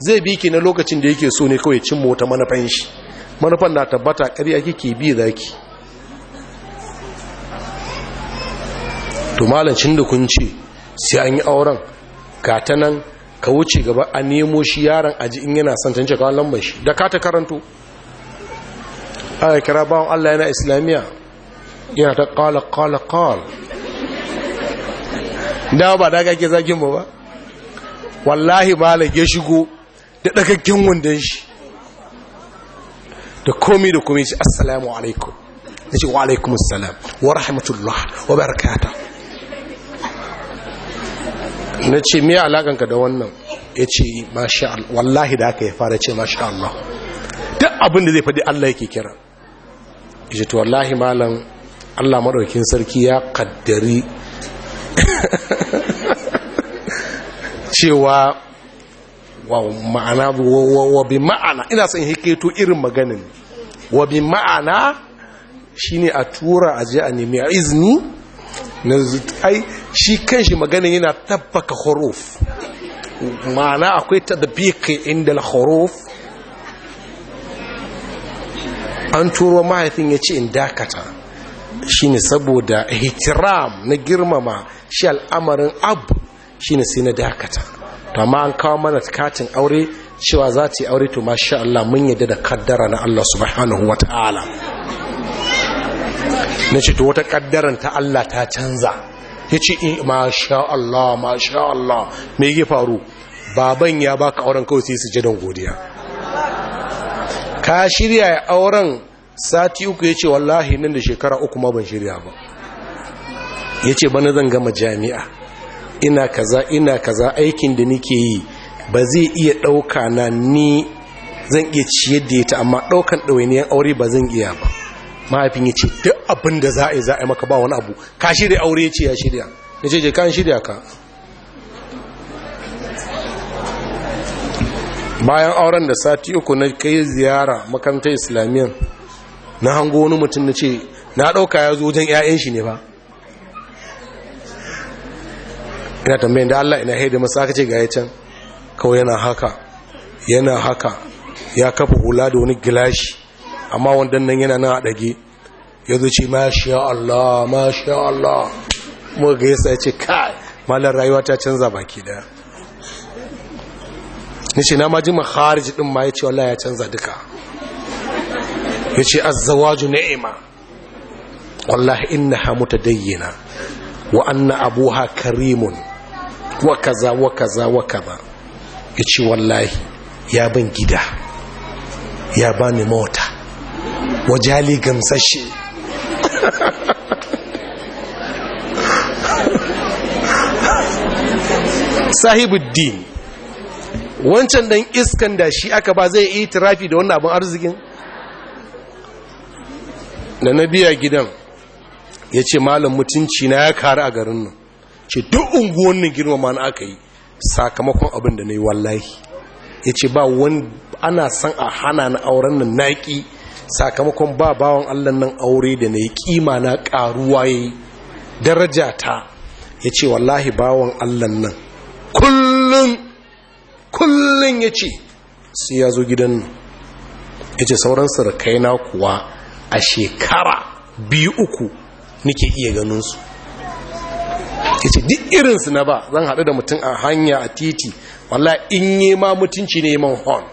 zai bi ki na lokacin da yake so ne kawai cin mota manufan shi manufan na tabbata ƙarya kike bi za ki to da kun ce sai an yi auren ga ta nan ka wuce gaba a nemo shi yaron aji in yana son tance kawon lambar shi da ka ta karanto a kira bawan Allah yana islamiyya yana ta kala kala kala da ba daga ke zagin ba ba wallahi malam ya shigo da dakakken wundan shi da komi da komi shi assalamu alaikum da ce wa alaikum assalam wa rahmatullah wa barakata na ce mai alakanka da wannan ya ce wallahi da aka ya fara ce masha Allah duk abinda da zai faɗi Allah yake kira ya ce to wallahi malam Allah maɗaukin sarki ya kaddari cewa wa ma'ana wa bi ma'ana ina son hikaito irin maganin wa bi ma'ana shine a tura a je a nemi a izini na ai shi kanshi maganin yana tabbaka huruf ma'ana akwai tadbiqi inda al-huruf an turo mahaifin ya ce in dakata shine saboda hitiram na girmama shi al'amarin abu shine sai na dakata to amma an kawo mana katin aure cewa za ta yi aure to masha Allah mun yadda da kaddara na Allah subhanahu wa ta'ala na ce to wata kaddaran ta Allah ta canza ya ce eh, masha Allah masha Allah me yake faru baban ya baka auren kawai sai su je don godiya ka shirya auren sati uku ya ce wallahi nan da shekara uku ma ban shirya ba ya ce bana zan gama jami'a ina kaza ina kaza aikin da nike yi ba zai iya ɗauka na ni zan iya ciyar da ita amma ɗaukan ɗawainiyar aure ba zan iya ba mahaifin ya ce duk abin da za a yi za a yi maka ba wani abu ka shirya aure ya ce ya shirya Ya ce ka shirya ka bayan auren da sati uku na kai ziyara makarantar islamiyyar na hango wani mutum na ce na ɗauka ya zo wajen 'ya'yan shi ne ba ina tambayin da Allah ina haida masu aka ce ga can kawai yana haka yana haka ya kafa hula da wani gilashi amma wandan nan yana na ɗage ya zo ce mashiya Allah mashiya Allah muka ga yasa ya ce kai malar rayuwa ta canza baki daya ni ce na majima ji maharij din ma ya ce wallah ya canza duka ya ce azzawaju ni'ima wallahi innaha mutadayyina wa anna abuha karimun wa kaza wa kaza wa kaza ya ce wallahi ya ban gida ya bani mota wajali gamsashe sahibuddin wancan dan iskan da shi aka ba zai yi tirafi da wannan abin arzikin da na biya gidan ya ce malam mutunci na ya kari a garin nan ce duk unguwan nan girmama na aka yi sakamakon abin da na yi wallahi ya ce ba wani ana san a hana na auren nan naƙi sakamakon ba bawan allan nan aure da na yi kima na ƙaruwa ya yi daraja ta ya ce wallahi bawan allan nan kullum kullum ya ce sai ya zo gidan nan ya ce sauran kai na kuwa a shekara biyu uku nake iya ganinsu ya ce duk irinsu na ba zan haɗu da mutum a hanya a titi wallah in yi ma mutunci ne man horn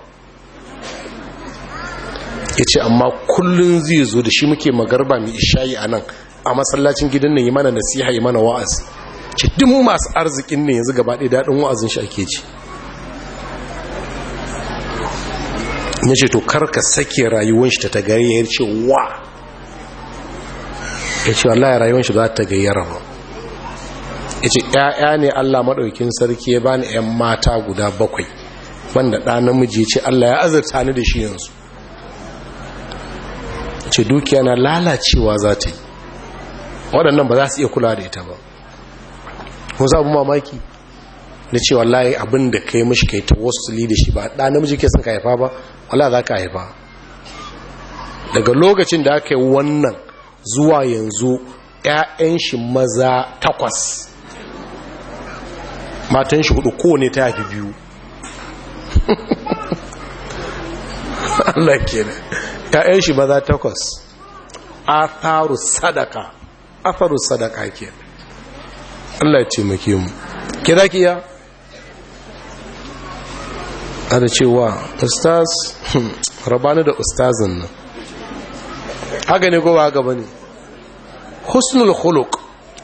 ya ce amma kullum zai zo da shi muke magarba mai ishayi a nan a masallacin gidan nan yi mana nasiha yi mana wa'azi ce duk masu arzikin ne yanzu gaba ɗaya daɗin wa'azin shi ake ci ya ce to karka sake rayuwan shi ta tagari ya ce wa ya ce wallahi rayuwan shi za ta gayyara ba ya ce ‘ya'ya ne Allah maɗaukin sarki ya bani ‘yan mata guda bakwai Wanda ɗa namiji ce Allah ya azurta ni da shi yanzu Ya ce dukiya na lalacewa za ta yi waɗannan ba za su iya kula da ita ba ko za mamaki na ce wallahi abin da kai mishi kai tawassuli da shi ba da namiji ke son ka haifa ba wala za ka haifa daga lokacin da aka yi wannan zuwa yanzu 'ya'yan shi maza takwas matan shi hudu kowane ta haifi biyu Allah kenan ƴaƴan shi maza takwas faru sadaka faru sadaka ke. Allah ya taimake mu za ki ya? da cewa ustaz hmm, rabani da ustazin nan haka ne gowa haka bane husnul khuluq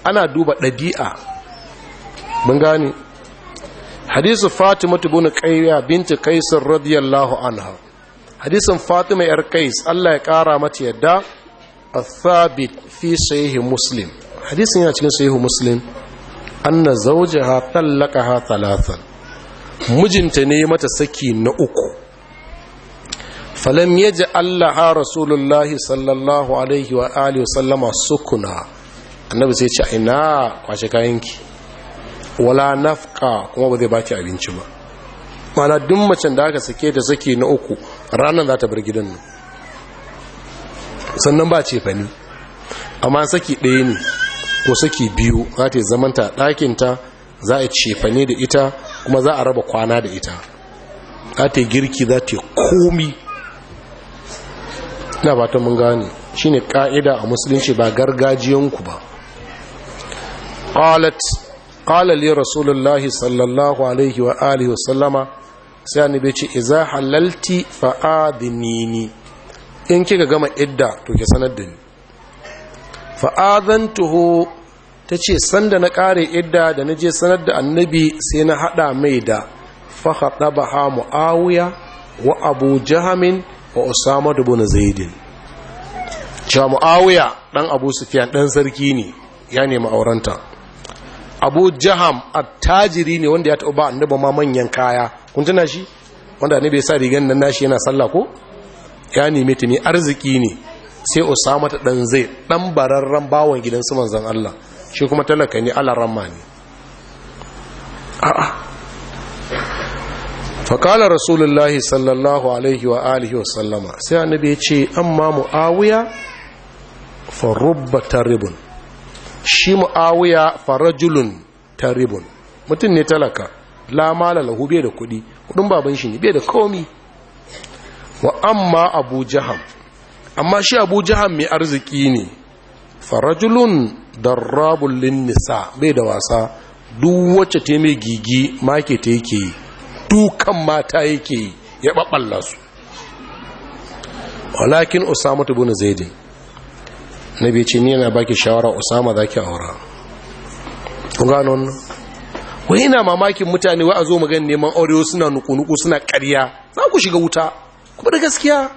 ana duba ɗabi'a mun gane hadisu fatima bin qayya binti kaisar radiyallahu anha hadisin fatima yar kais Allah ya kara mata yadda athabit fi sahihi muslim hadisin yana cikin sahihi muslim anna zawjaha tallaqaha thalathan mijinta ne mata saki na uku falam ya ji allaha rasulullahi sallallahu alaihi wa alihi wa sallama sukuna annabi sai ce ina kwace kayanki wala nafka kuma ba zai baki abinci ba mana duk macen da aka sake da saki na uku ranar za ta bar gidan nan sannan ba ce fani amma saki ɗaya ne ko saki biyu za ta zamanta ɗakinta za a cefane da ita kuma za a raba kwana da ita za ta girki za ta komi na ba ta mun gane shi ne ƙa'ida a musulunci ba gargajiyanku ba ƙalat ƙalali rasulullahi sallallahu alaihi wa alihi wasallama sai nube ce iza halalti fa'adinini in kika gama idda to ke sanar da ni fa'adantuhu ta ce sanda na kare idda da na je sanar da annabi sai na haɗa mai da fahaɗa ha mu'awuya wa abu jahamin wa osama dubu na zaidin cewa mu'awuya ɗan abu sufiyan ɗan sarki ne ya nemi aurenta abu jaham attajiri ne wanda ya taɓa ba annaba ma manyan kaya kun tana shi wanda annabi ya sa rigan nan nashi yana sallah ko ya nemi ta ne arziki ne sai osama ta ɗan zai ɗan bararren bawon gidan su manzan allah shi kuma talaka ne alarama ne a'a faƙalar rasulullahi sallallahu alaihi wa alihi sallama sai annabi ya ce amma mu'awuya farubba taribun shi mu'awuya farajulun taribun mutum ne talaka lamala lahu bai da kuɗi kuɗin baban shi ne bai da komi wa amma abu jaham amma shi abu jaham mai arziki ne farajulun darrabul lin nisa bai da wasa duk wacce ta mai gigi make ta yake yi dukan mata yake yi ya ɓaɓɓalla su walakin usama ta bune zaidin na bai ce ni yana baki shawara usama za ki aura Kun gano wannan Wani ina mamakin mutane wa a zo magan neman aure suna nuku-nuku suna ƙarya za ku shiga wuta kuma da gaskiya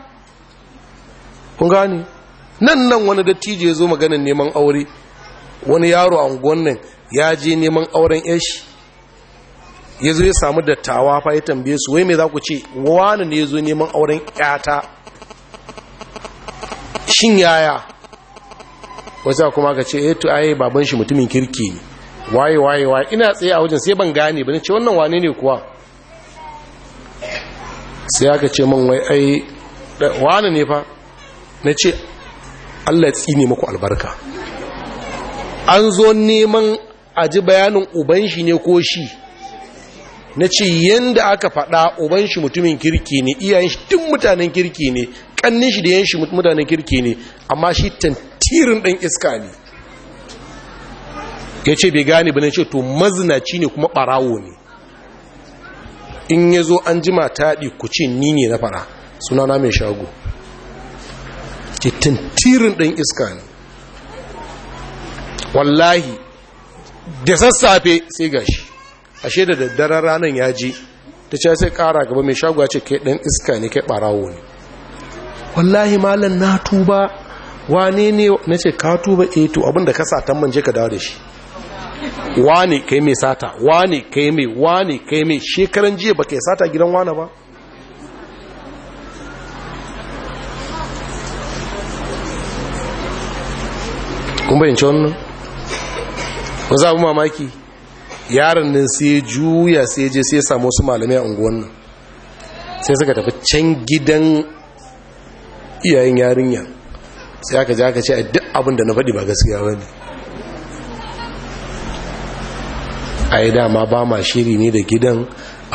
kun gane nan nan wani dattijo ya zo maganin neman aure wani yaro a unguwan nan ya je neman auren yashi ya zo ya samu dattawa fa ya tambaye su wai me za ku ce wani ne ya zo neman auren yata shin yaya wasu kuma ka ce eto eh aye baban shi mutumin kirki ne waye waye waye ina tsaye a wajen sai ban gane ba ce wannan wane ne kuwa sai aka ce man wai ai wane ne fa na ce allah ya tsine maku albarka an zo neman a ji bayanin uban shi ne ko shi na ce yadda aka faɗa uban shi mutumin kirki ne iyayen shi tun mutanen kirki ne kannin shi da yan shi mutanen kirki ne amma shi tantirin ɗan iska ne ya ce bai gane ba na ce to mazinaci ne kuma barawo ne in ya zo an jima taɗi ku ce ni ne na fara sunana mai shago ke tantirin ɗan iska ne wallahi da sassafe sai gashi ashe da daddaren ranar ya ji ta ce sai kara gaba mai shagwa ce ke dan iska ne kai barawo ne wallahi malam na tuba wane ne na ce ka tuba e to abinda ka satan manje ka dawo da shi wane kai mai sata wane kai mai wane kai mai shekaran jiya ba kai sata gidan wane ba yin bayanci wannan ku za mu mamaki yaron nan sai juya sai je sai samu wasu malamai a unguwan nan sai suka tafi can gidan iyayen yarinya sai aka ji aka ce a duk abin da na faɗi ba gaskiya ba ne a yi dama ba ma shiri ne da gidan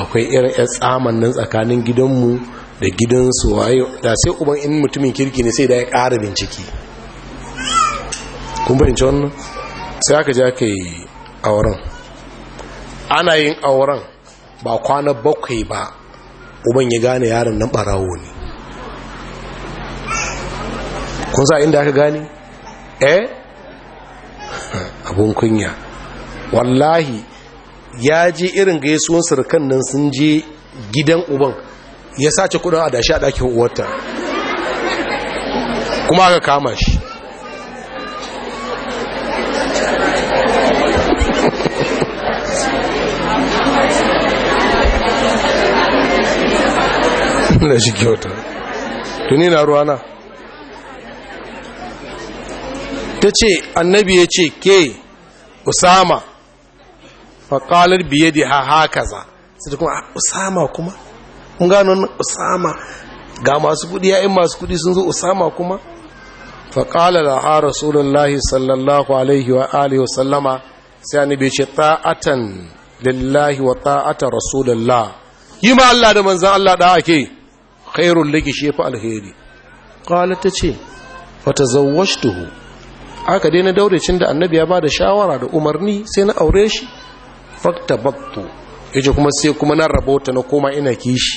akwai irin ya tsaman nan tsakanin gidanmu da gidansu wayo da sai uban in mutumin kirki ne sai da ya ƙara bincike kun fahimci wannan sai aka ja ka yi auren ana yin auren ba kwana bakwai ba uban ya gane yaron nan barawo ne kun sa inda aka gane eh abun kunya wallahi ya je irin gaisuwan surukan nan sun je gidan uban ya sace kudin adashi a ɗakin uwarta kuma aka kama shi Allah shi kyauta tuni na ruwana ta ce annabi ya ce ke usama faƙalar biye da ha haka za su kuma ah, usama kuma kun gano usama ga masu kudi ya'in masu kudi sun zo usama kuma faƙala da ha rasulullahi sallallahu alaihi wa alihi wa sallama sai annabi ce ta'atan lillahi wa ta'atan rasulullah yi ma Allah da manzan Allah da ake khairul laki shi fa alheri qala ta ce fatazawwajtuhu aka dai na daure cin da annabi ya bada shawara da umarni sai na aure shi faktabattu yaje kuma sai kuma na rabota na koma ina kishi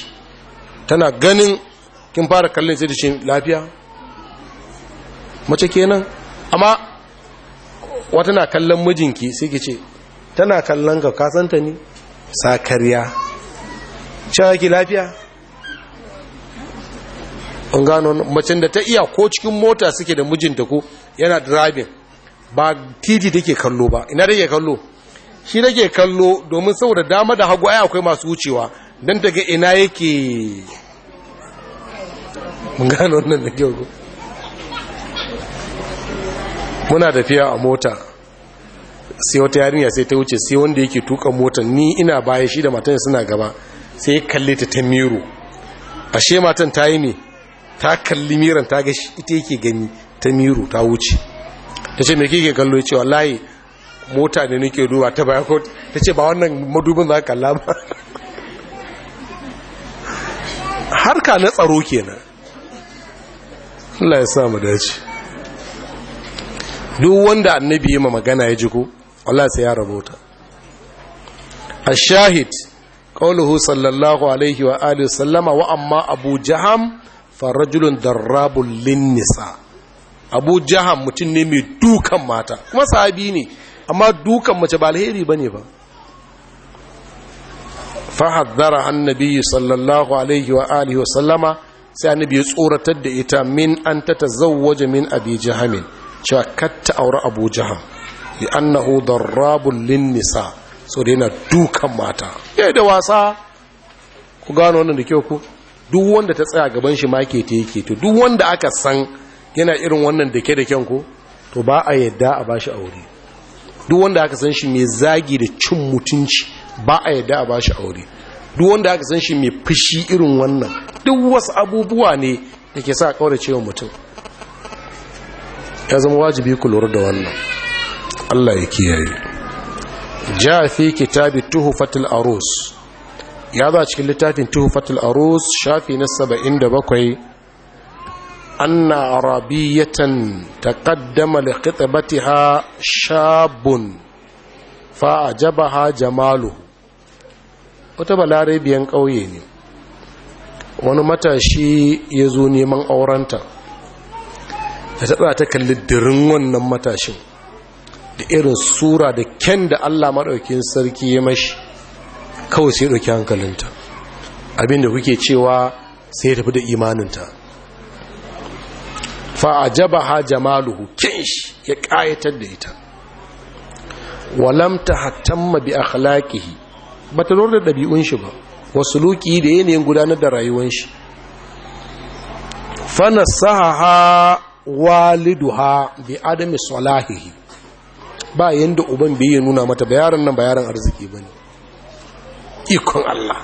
tana ganin kin fara kallon sai da ce lafiya mace kenan amma wata na kallon mijinki sai ki tana kallon ka kasanta ni sakariya cewa ki lafiya an gano macin da ta iya ko cikin mota suke da mijinta ko yana driving ba titi ke kallo ba ina da ke kallo shi da ke kallo domin saboda dama da hagu aya akwai masu wucewa don ta ina yake mun gano wannan da kyau muna tafiya a mota sai wata yarinya sai ta wuce sai wanda yake tuka mota ni ina baya shi da matan suna gaba sai ya kalle ta ta miro ashe matan ta yi ne ta kalli miran ta ga ita yake gani ta miru ta wuce ta ce mai kike kallo cewa layi mota ne nake duba ta baya ko ta ce ba wannan madubin za ka kalla ba harka na tsaro kenan Allah ya sa dace duk wanda annabi ya magana ya ji ko Allah sai ya rabota ash-shahid qawluhu sallallahu alaihi wa alihi sallama wa amma abu jaham farajulun darrabul linnisa abu jahan mutum ne mai dukan mata kuma sahabi ne amma dukan mace ba alheri ba ne ba fahaddara annabi sallallahu alaihi wa alihi wasallama sai annabi ya tsoratar da ita min an ta tazawwaja min abi jahamin cewa katta aure abu jahan bi annahu darrabul linnisa so da yana dukan mata yayi da wasa ku gano wannan da kyau ku duk wanda ta tsaya gaban shi make ta yake to duk wanda aka san yana irin wannan dake da kyan ko to ba a yadda a bashi aure duk wanda aka san shi mai zagi da cin mutunci ba a yadda a bashi aure duk wanda aka san shi mai fushi irin wannan duk wasu abubuwa ne da ke sa kaurace wa mutum ya zama wajibi ku lura da wannan Allah ya kiyaye ja fi tuhfatul arus ya zo a cikin littafin tuhufatul arus shafi na 77 anna arabiyatan taqaddama li khitbatiha shabun fa ajabaha jamalu wata balarabiyan ƙauye ne wani matashi ya zo neman aurenta da ta ta kalli dirin wannan matashin da irin sura da ken da Allah maɗaukin sarki ya mashi kawai sai ɗauki hankalinta abinda kuke cewa sai tafi da imaninta fa'ajaba ha jamaluhu kinshi shi ya ƙayatar da ita walamta hatamma bi akhlaqihi ba ta lura da ɗabi'un shi ba wasu luki da yanayin gudanar da rayuwan shi fanasaha waliduha bi adami salahihi ba yanda uban bai nuna mata bayaran nan yaron arziki bane ikon Allah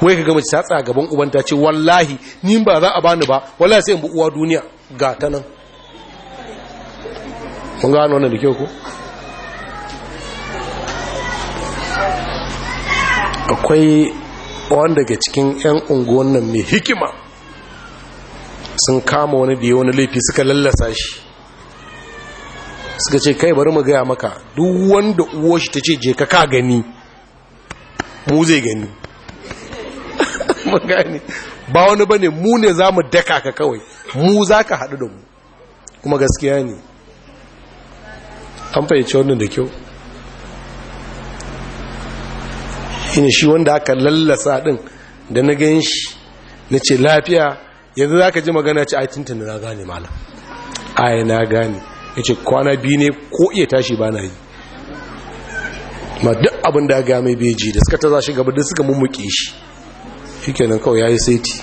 wai ka gama ta tsaya gaban uban ta ce wallahi ni ba za a bani ba wallahi sai in bi uwa duniya ga ta nan kun gano wannan da kyau ko akwai wanda daga cikin 'yan unguwan nan mai hikima sun kama wani da wani laifi suka lallasa shi suka ce kai bari mu gaya maka duk wanda uwo shi ta ce je ka ka gani mu zai gani ba wani bane mu ne za mu daka ka kawai mu za ka haɗu da mu kuma gaskiya ne an fahimci wannan da kyau yin shi wanda aka lallasa ɗin da na gan shi na ce lafiya yanzu za ka ji magana ci aitinta na gane malam ai na gane ya ce kwana biyu ne ko iya tashi ba na yi ma duk abin da ga mai beji da suka ta za shi gaba da suka mummuke shi shi nan kawai ya yi saiti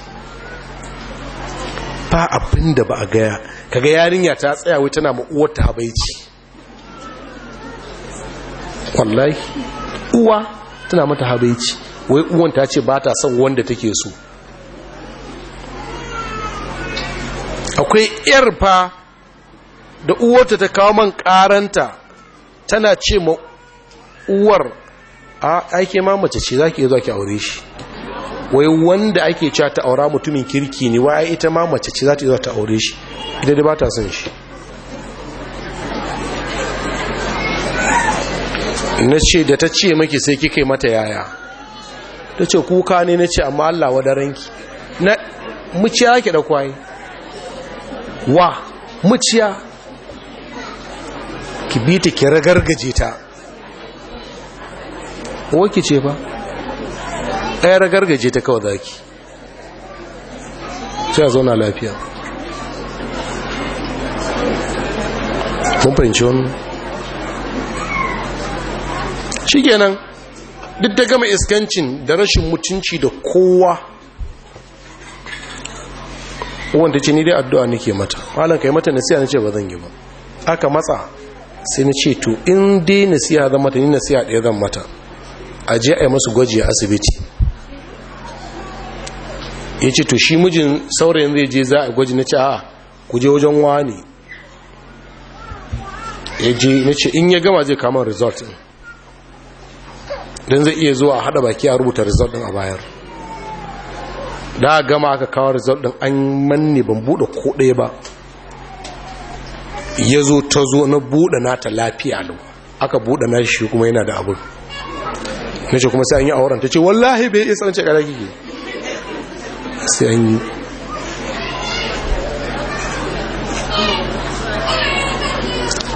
ba abin da ba a gaya kaga yarinya ta tsaya wai tana ma'uwar ta habaici wallahi uwa tana mata habaici wai uwan ta ce ba ta son wanda take so akwai yar fa da uwarta ta kawo man karanta tana ce ma uwar a aike ma mace ce za ki zo ki aure shi wai wanda ake cewa ta aura mutumin kirki ne wai ita ma mace ce za ta zo ta aure shi ita da ba ta son shi na ce da ta ce maki sai kika mata yaya ta ce kuka ne na ce amma Allah daranki na muciya ke da kwaye wa muciya ki bi ta ki ragargaje ta waki ce ba ɗaya ragargaje ta kawai zaki sai a zauna lafiya mun fahimci wani shi kenan duk da gama iskancin da rashin mutunci da kowa wanda ce ni dai addu'a nake mata malam yi mata nasiya ce ba zan yi ba aka matsa sai na ce to in dai nasiya zan mata ni nasiya ɗaya zan mata a je a yi masu gwaji a asibiti ya ce to shi mijin saurayin zai je za a gwaji na ce a ku je wajen wani ya je na ce in ya gama zai kama result din don zai iya zuwa hada baki a rubuta result din a bayar da gama aka kawo result din an manne ban buɗe ko ɗaya ba ya zo ta zo na bude ta lafiya lau aka buɗe na shi kuma yana da abu. na ce kuma sai an yi auren ta ce wallahi bai isa na ce ƙarar sai an yi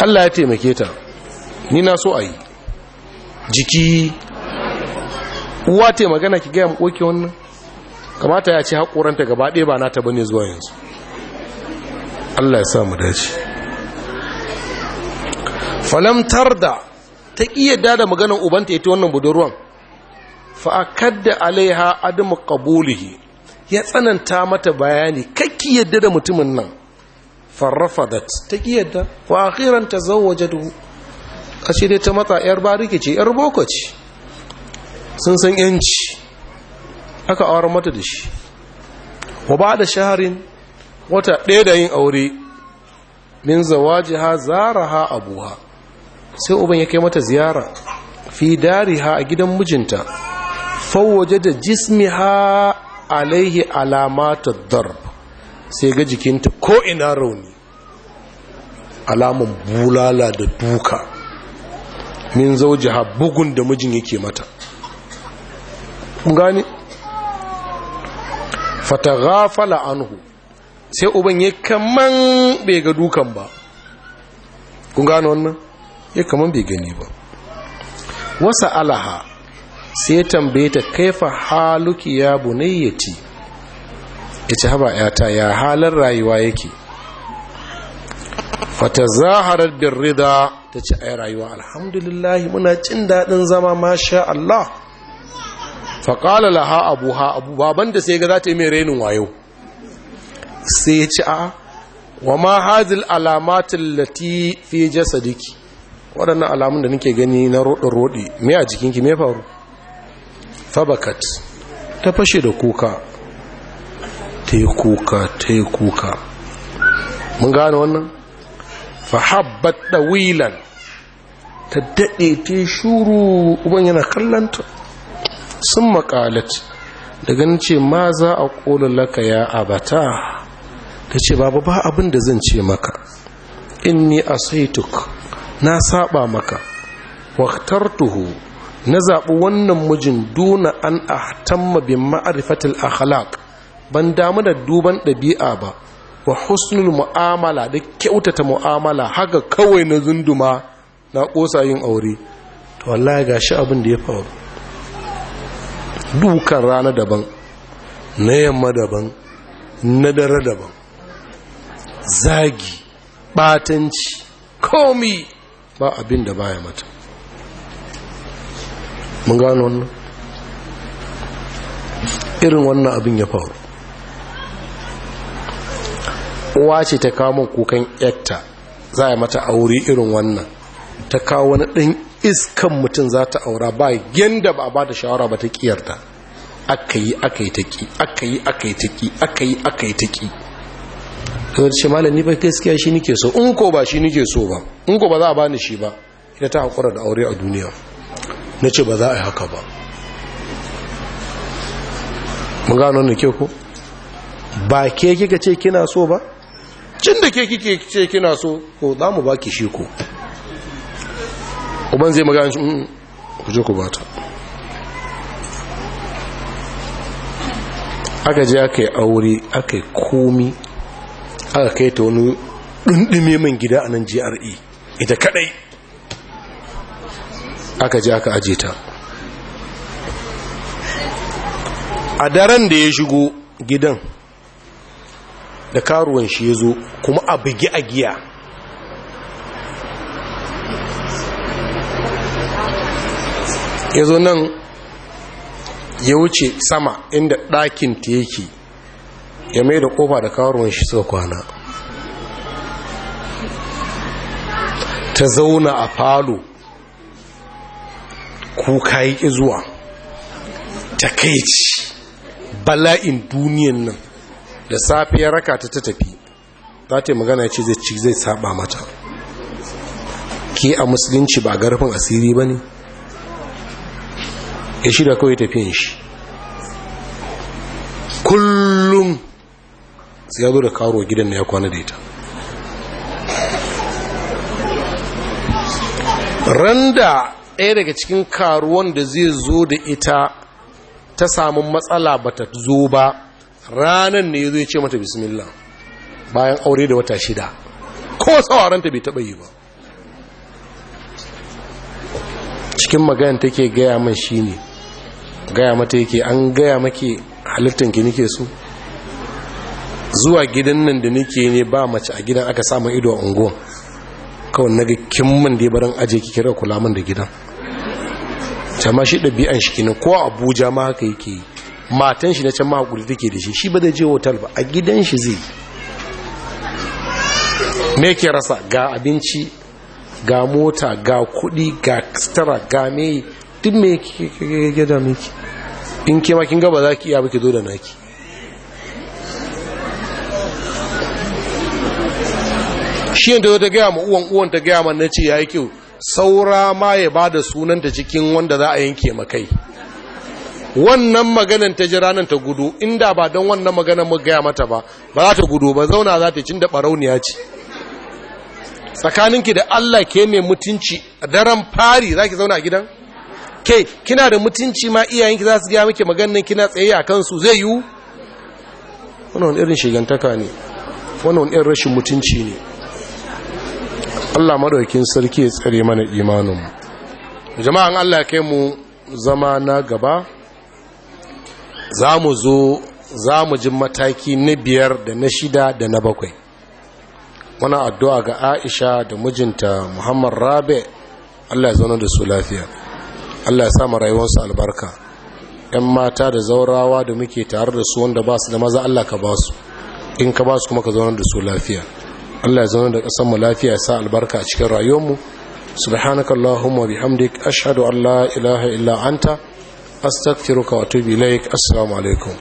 Allah ya taimake ta ni na so a yi jiki uwa te magana ki gaya ki wannan kamata ya ce haƙoranta gaba ɗaya ba na nata ne zuwa yanzu Allah ya sa mu dace falam tarda ta yadda da maganar ubanta ta wannan budurwan fa'akadda alaiha adamu qabulihi ya tsananta mata bayani kakki yadda da mutumin nan farrafa farrafadat ta ta wa waje tazawwajatu ashe dai ta matsa yar bariki ce yar boko sun san yanci aka auren mata da shi wa da shaharin wata ɗaya da yin aure min ha zara ha Abuwa. sai uban ya kai mata ziyara fi dariha a gidan mijinta fawaje da jismiha alaihi alamata darb sai ga jikinta ko ina rauni alamun bulala da duka min zaujiha bugun da mijin yake mata gani gafala anhu sai uban ya kaman bai ga dukan ba Ku gano wannan ya kaman bai gani ba wasa alaha sai tambaye ta kaifa haluki ya bunayyati ya ci haba yata ya halar rayuwa yake fata zaharar birrida ta ci a rayuwa alhamdulillahi muna cin daɗin zama masha Allah faƙala laha abu ha abu baban da sai ga za ta yi mai renin wayo sai ya ci a wa ma hazil alamatin lati fi jasadiki waɗannan alamun da nake gani na roɗi me a jikinki me faru fabakat ta fashe da kuka ta yi kuka ta yi kuka mun gane wannan fahabbat ɗawilan ta daɗe ta yi shuru uban yana kallanta sun makalat da ganin ce ma za a ƙola laka ya abata ta ce babu ba abin da zan ce maka In inni asaituk na saba maka waktartuhu na zaɓi wannan mijin duna an tamma bi ma'arifatul akhlaq ban damu da duban ɗabi'a ba wa husnul mu'amala da kyautata mu'amala haka kawai na zunduma na ƙosa yin aure to wallahi gashi abin da ya faru dukan rana daban na yamma daban na dare daban zagi ɓatanci, komi ba abin da baya mata mun gano wannan irin wannan abin ya faru uwa ce ta kawo min kukan yatta za a mata aure irin wannan ta kawo wani ɗin iskan mutum za ta aura ba yadda ba a ba da shawara ba ta ƙiyarta aka yi aka yi ta ƙi aka yi aka yi ta ƙi aka yi aka yi ta ƙi to ce malam ni ba gaskiya shi nike so in ko ba shi nike so ba in ko ba za a bani shi ba ita ta hakura da aure a duniya na ce ba za a yi haka ba mun gano ne ke ko ba ke kika ce kina so ba cin da ke kike ce kina so ko za mu baki shi ko uban zai magana shi mm, mm, ku je ku bata aka je aka yi aure aka yi komi aka kai ta wani ɗundume min gida a nan GRE ita kaɗai aka ji aka aje ta a daren da ya shigo gidan da karuwan shi ya zo kuma a bugi a giya ya zo nan ya wuce sama inda ɗakin ta yake ya mai da kofa da karuwan shi suka kwana ta zauna a falo kuka yi zuwa ta kai bala'in duniyan nan da safe ya raka ta tafi za ta yi magana ce zai ci zai saba mata ke a musulunci ba garfin asiri ba ne ya da kawai tafiyan shi kullum sai ya zo da karo gidan na ya kwana da ita randa ɗaya daga cikin karuwan da zai zo da ita ta samu matsala ba ta zo ba ranar ne ya ce mata bismillah bayan aure da wata shida ko ta bai taɓa yi ba cikin magayan take gaya man shi ne gaya mata yake an gaya make halittanki nike su. zuwa gidan nan da nake ne ba mace a gidan aka samun ido a unguwan kawai na ga min da ya barin aje ki kira kula min da gidan jama shi ɗabi'an shi kenan ko abuja ma haka yake yi matan shi na can ma hakuri take da shi shi ba da je hotel ba a gidan shi zai me ke rasa ga abinci ga mota ga kuɗi ga stara ga me duk me ke gada miki in ke kin gaba za ki iya baki zo da naki shi da ta gaya ma uwan uwan ta gaya ma na ce ya yi kyau saura ma ya ba da sunanta cikin wanda za a yanke makai wannan maganan ta jira nan ta gudu inda ba don wannan maganan mu gaya mata ba ba za ta gudu ba zauna za ta cin da barauniya ce tsakaninki da Allah ke mai mutunci a daren fari za ki zauna a gidan ke kina da mutunci ma iyayenki za su gaya miki maganan kina tsaye a kansu zai yiwu Wani irin shigantaka ne Wani irin rashin mutunci ne Allah madaukin sarki ya tsare mana imaninmu jama'an Allah kai mu zama na gaba za mu zo za mu ji mataki na biyar da na shida da na bakwai wani addu'a ga aisha da mijinta muhammad rabe Allah ya zauna da su lafiya Allah ya samu rayuwarsu albarka ‘yan mata da zaurawa da muke tare da su wanda ba su da maza Allah ka ba su in ka ba su kuma ka zauna da su lafiya Allah zama da ƙasar mu lafiya sa albarka a cikin rayuwarmu subhanakallahumma bihamdik ashhadu an la ilaha illa anta astaghfiruka wa atubu ilaik assalamu alaikum